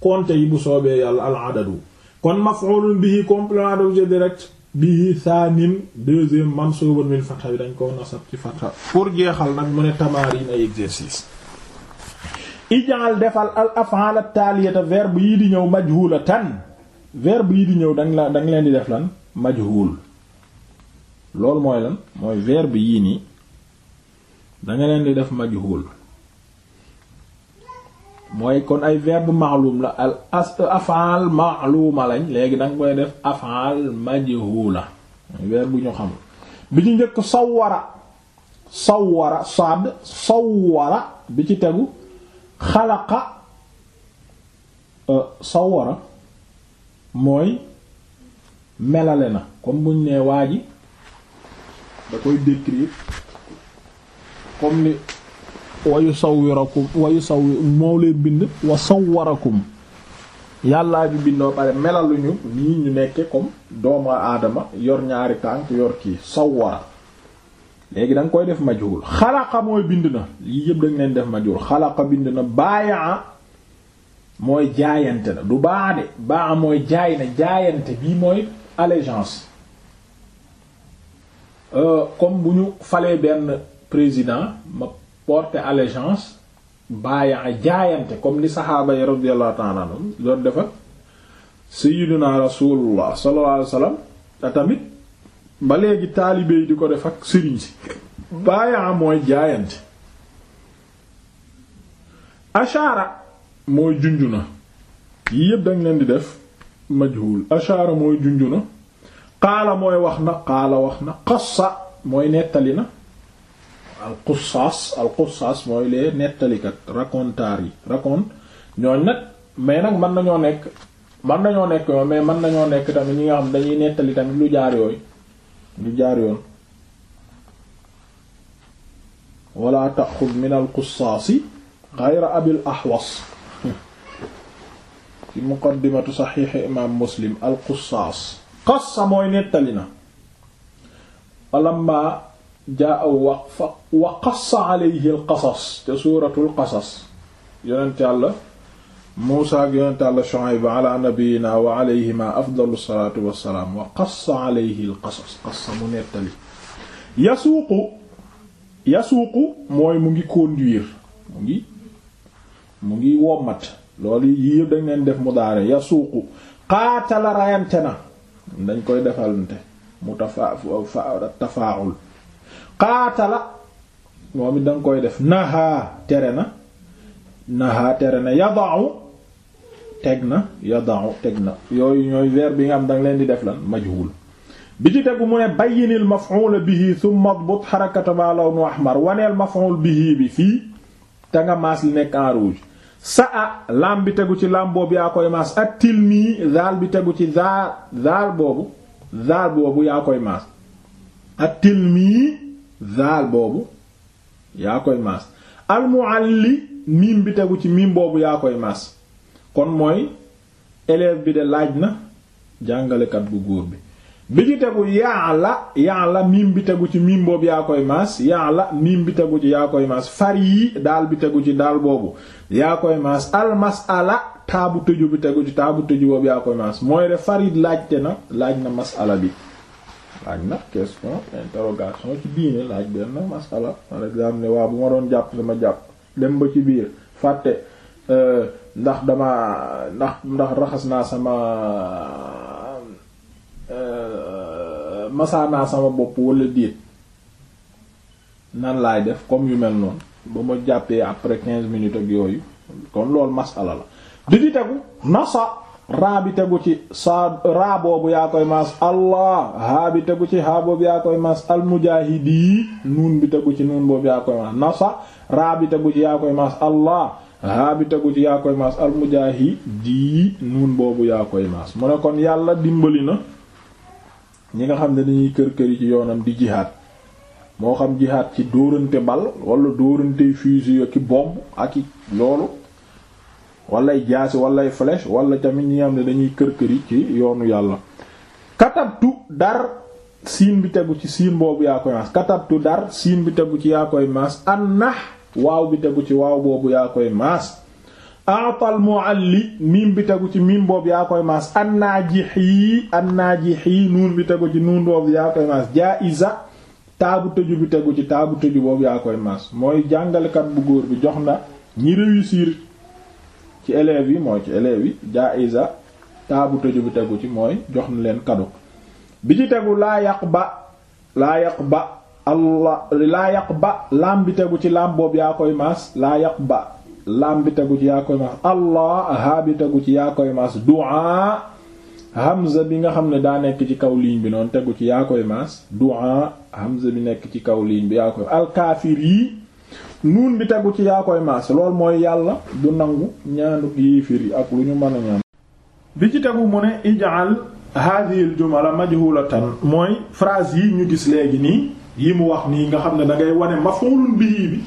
compte yi bu soobee yàlla al adadu kon maf'ulun bihi complément d'objet direct bi saanin deuxième mansubun min fatha bi dañ ko nasab ci fatha pour jeexal nag mu ne tamarin ay exercice ijaal defal al af'al at taaliyata verbe yi di ñëw majhulatan verbe yi di ñëw dañ la dañ leen di def lan majhul loolu mooy lan mooy verbe yii nii danga leen di def majhul mooy kon ay verbe ma'lum la al as af'al ma'luma lañ léegi danga koy def af'al majhula verbe bu ñu xam bi ci njëkk sawwara sawwara sad sawwara bi ci tegu xalaqa euh, sawwara mooy melale na comme buñ nee waa da koy décrire comme ni wayu sawwirakum wayu saw moo leen bind wa sawwarakum yàllaa bi bindoo pare melaluñu nii ñu nekke comme doomu aadama yor ñaari tànk yor kii sawwara léegi da koy def majhul xalaqa mooy bind na lii yëpp dañ leen def majhul xalaqa bind na baayaa mooy jaayante na du baa de baa mooy jaay na jaayante bii mooy allégeance euh, comme bu ñu falee benn président ma porter allégeance baaya a jaayante comme ni saxaaba yi radiyallahu ta'ala anhum def ak sayyidina rasulullah sallallahu alayhi wasallam te tamit ba léegi taalibe yi di ko def ak sëriñ si baaya mooy jaayante ashaara mooy junju na yii yëpp dañ leen di def majul ashaara mooy junju na qaala mooy wax na qaala wax na qassa mooy nettali na al qussaas al qussaas mooy les nettalikat raconteurs yi raconte ñooñ nag mais nag mën nañoo nekk mën nañoo nekk yoon mais mën nañoo nekk tamit ñi nga xam dañuy nettali tamit lu jaar yooyu lu jaar yoon wala taxud min al qussaasi gayra abil ahwas ci muqaddimatu saxiixi imaam muslim al qussaas qassa mooy nettali na walamma jaa aw waqfa wa qassa alayhi al qasas te suuratul qasas yonent yàlla Muusaa ak yonent wa alayhima afdalu salaatu mu nettali yasuuqu mooy mu ngi conduire mu ngi mu ngi wommat loolu yii yëpp dañ leen def mudaare yasuuqu qaatala rayante na dañ koy defalante mu tafa tafaa'ul qaatala moom it danga koy def naha tere na naha tere na yadau teg na yadau teg na yooyu ñooy verbe bi nga am danga leen di def lan majhul bi ci tegu mu ne bayyinil maf'ul bihi thumma adbut harakata ma lawnu ahmar waneel maf'ul bihi bi fii te nga maas li nekk en rouge sa lam bi tegu ci lam boobu yaa koy maas ak tilmii bi tegu ci zaal zaal boobu zaal boobu yaa koy maas al miim bi tegu ci miim boobu yaa koy maas kon mooy élève bi de laaj na jàngalekat bu góor bi bi ci tegu ya'la ya'la miim bi tegu ci miim boobu yaa koy maas ya'la miim bi tegu ci yaa koy maas far yi daal bi tegu ci daal boobu yaa koy maas al mas'ala taabu tëju bi tegu ci taabu tëju boobu yaa koy maas mooy de farid laajte na laaj na mas'ala bi laaj nag question interrogation ci diine laaj benn masala par exemple ne waa bu ma doon jàpp dama jàpp dem ba ci biir fàtte euh, ndax dama ndax ndax raxas naa sama euh, masaa naa sama bopp wala déet nan laay def comme yu mel noonu ba ma jàppee après quinze minutes ak yooyu kon loolu masala la di di tegu nasa raa bi tegu ci saa raa boobu yaa koy maas allah haa bi tegu ci haa boobu yaa koy maas almujaahidi nuun bi tegu ci nuun boobu yaa koy maas nasa raa bi tegu ci yaa koy maas allah haa bi tegu ci yaa koy maas almujaahidi nuun boobu yaa koy maas mu ne kon yàlla dimbali na ñi nga xam ne dañuy kër kër yi ci yoonam di jihaad moo xam jihaad ci dóorante bal wala dóorante fusil ak i bomb ak i loolu walay jaasi walay flèche wala tamit ñi nga xam ne dañuy kër kër yi ci yoonu yàlla katabtu dar siin bi tegu ci siin boobu yaa koy maas katabtu dar siin bi tegu ci yaa koy maas an waaw bi tegu ci waaw boobu yaa koy maas atal mualli bi tegu ci miim boobu yaa koy maas an najihii nuun bi tegu ci nuun boobu yaa koy maas jaiza taabu tëju bi tegu ci taabu tëju boobu yaa koy maas mooy jàngalekat bu góor bi jox na ñi réussir ci élèves yi mooy ci élèves yi jaiza taabu tëju bu tegu ci mooy jox na leen kado bi ci tegu laa yàq ba laa yàq ba allah laa yàq ba laam tegu ci laam boobu yaa koy maas ba laam bi tegu ci yaa koy allah haa tegu ci yaa koy maas du'a hamza bi nga xam ne daa nekk ci kaw ligne bi noonu tegu ci yaa koy maas du'a hamza bi nekk ci kaw ligne bi yaa koy alkaafir yi nuun bi tegu ci yaa koy maase loolu mooy yàlla du nangu ñaanuk yéeféer yi ak lu ñu mën a ñaan bi ci tegu mu ne ijaal hadhihi jumala majhulatan mooy phrase yi ñu gis léegi nii yi mu wax nii nga xam ne da ngay wane mafulun bihi bi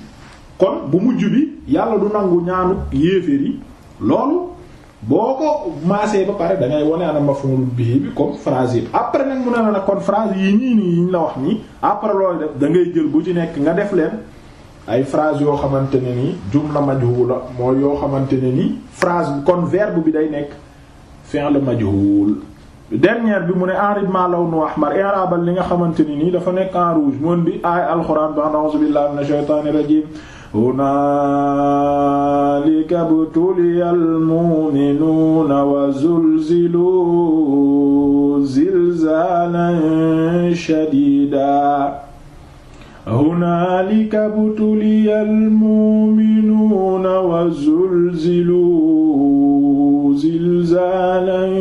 kon bu mujj bi yàlla du nangu ñaanuk yéeféer yi loolu boo ko ba pare da ngay wane ana mafulun bihi phrase yi après nag mu ne la kon phrase yi nii nii yi ñu la wax nii après loolu def da ngay jël bu ci nekk nga def leen ay phrase yoo xamante ne ni jumla majhula mooy yoo xamante ne ni phrase kon verbe bi day nekk fi'l majhul dernière bi mu ne arib ma lawnu ahmar i'rabal li nga xamante ne nii dafa nekk en rouge moon bi aay alxuraan ba a'uuzu billahi minash shaytaanir rajiim hunaalika btuliyal mu'minuuna wa zulzilu zilzaalan shadiidan hunaalika butuliyal mu'minuuna wa zulziluu zilzaalan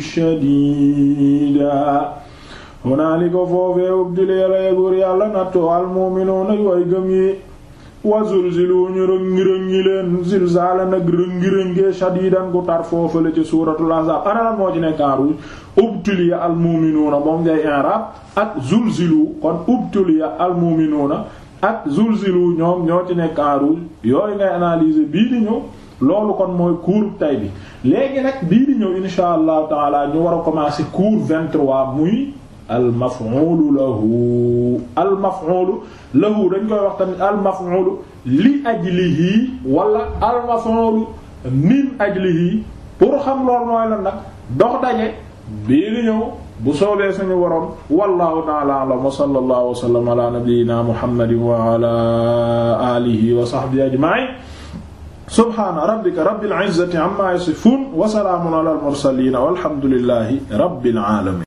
shadiidaa hunaalika foofee ubdil yàlla buur yàlla nattu al mu'minuuna yu ay gëm yi waa zulzilu ñu rëngi-rëngi leen zilzaala nag rëngi-rëngee shadidan tar foofu la ci suuratul ahzab ana lan ci nekk en rouge ubtuliya al mu'minuuna moom ngay i'raab ak zulzilu kon ubtuliya al mu'minuuna ak zulzilu ñoom ñoo ci nekk en yooyu ngay analyser bii di loolu kon mooy cours tay bi léegi nag bii di ñëw insha allahu taala ñu war a commencer cours 23 muy al maf'ul lahu al maf'ul lahu dañ koy wax tamit al maf'ul li ajlihi wala al maf'ul min ajlihi pour xam lool mooy lan nag dox daje bii li ñëw bu soobee suñu waroon wallahu ta'ala a'lam wa sallallahu wa sallama ala nabiyyina muhammadin wa ala alihi wa sahbihi ajma'in subhana rabbika rabbil izzati amma yasifun wa salamun ala al mursalin walhamdulillahi rabbil alamin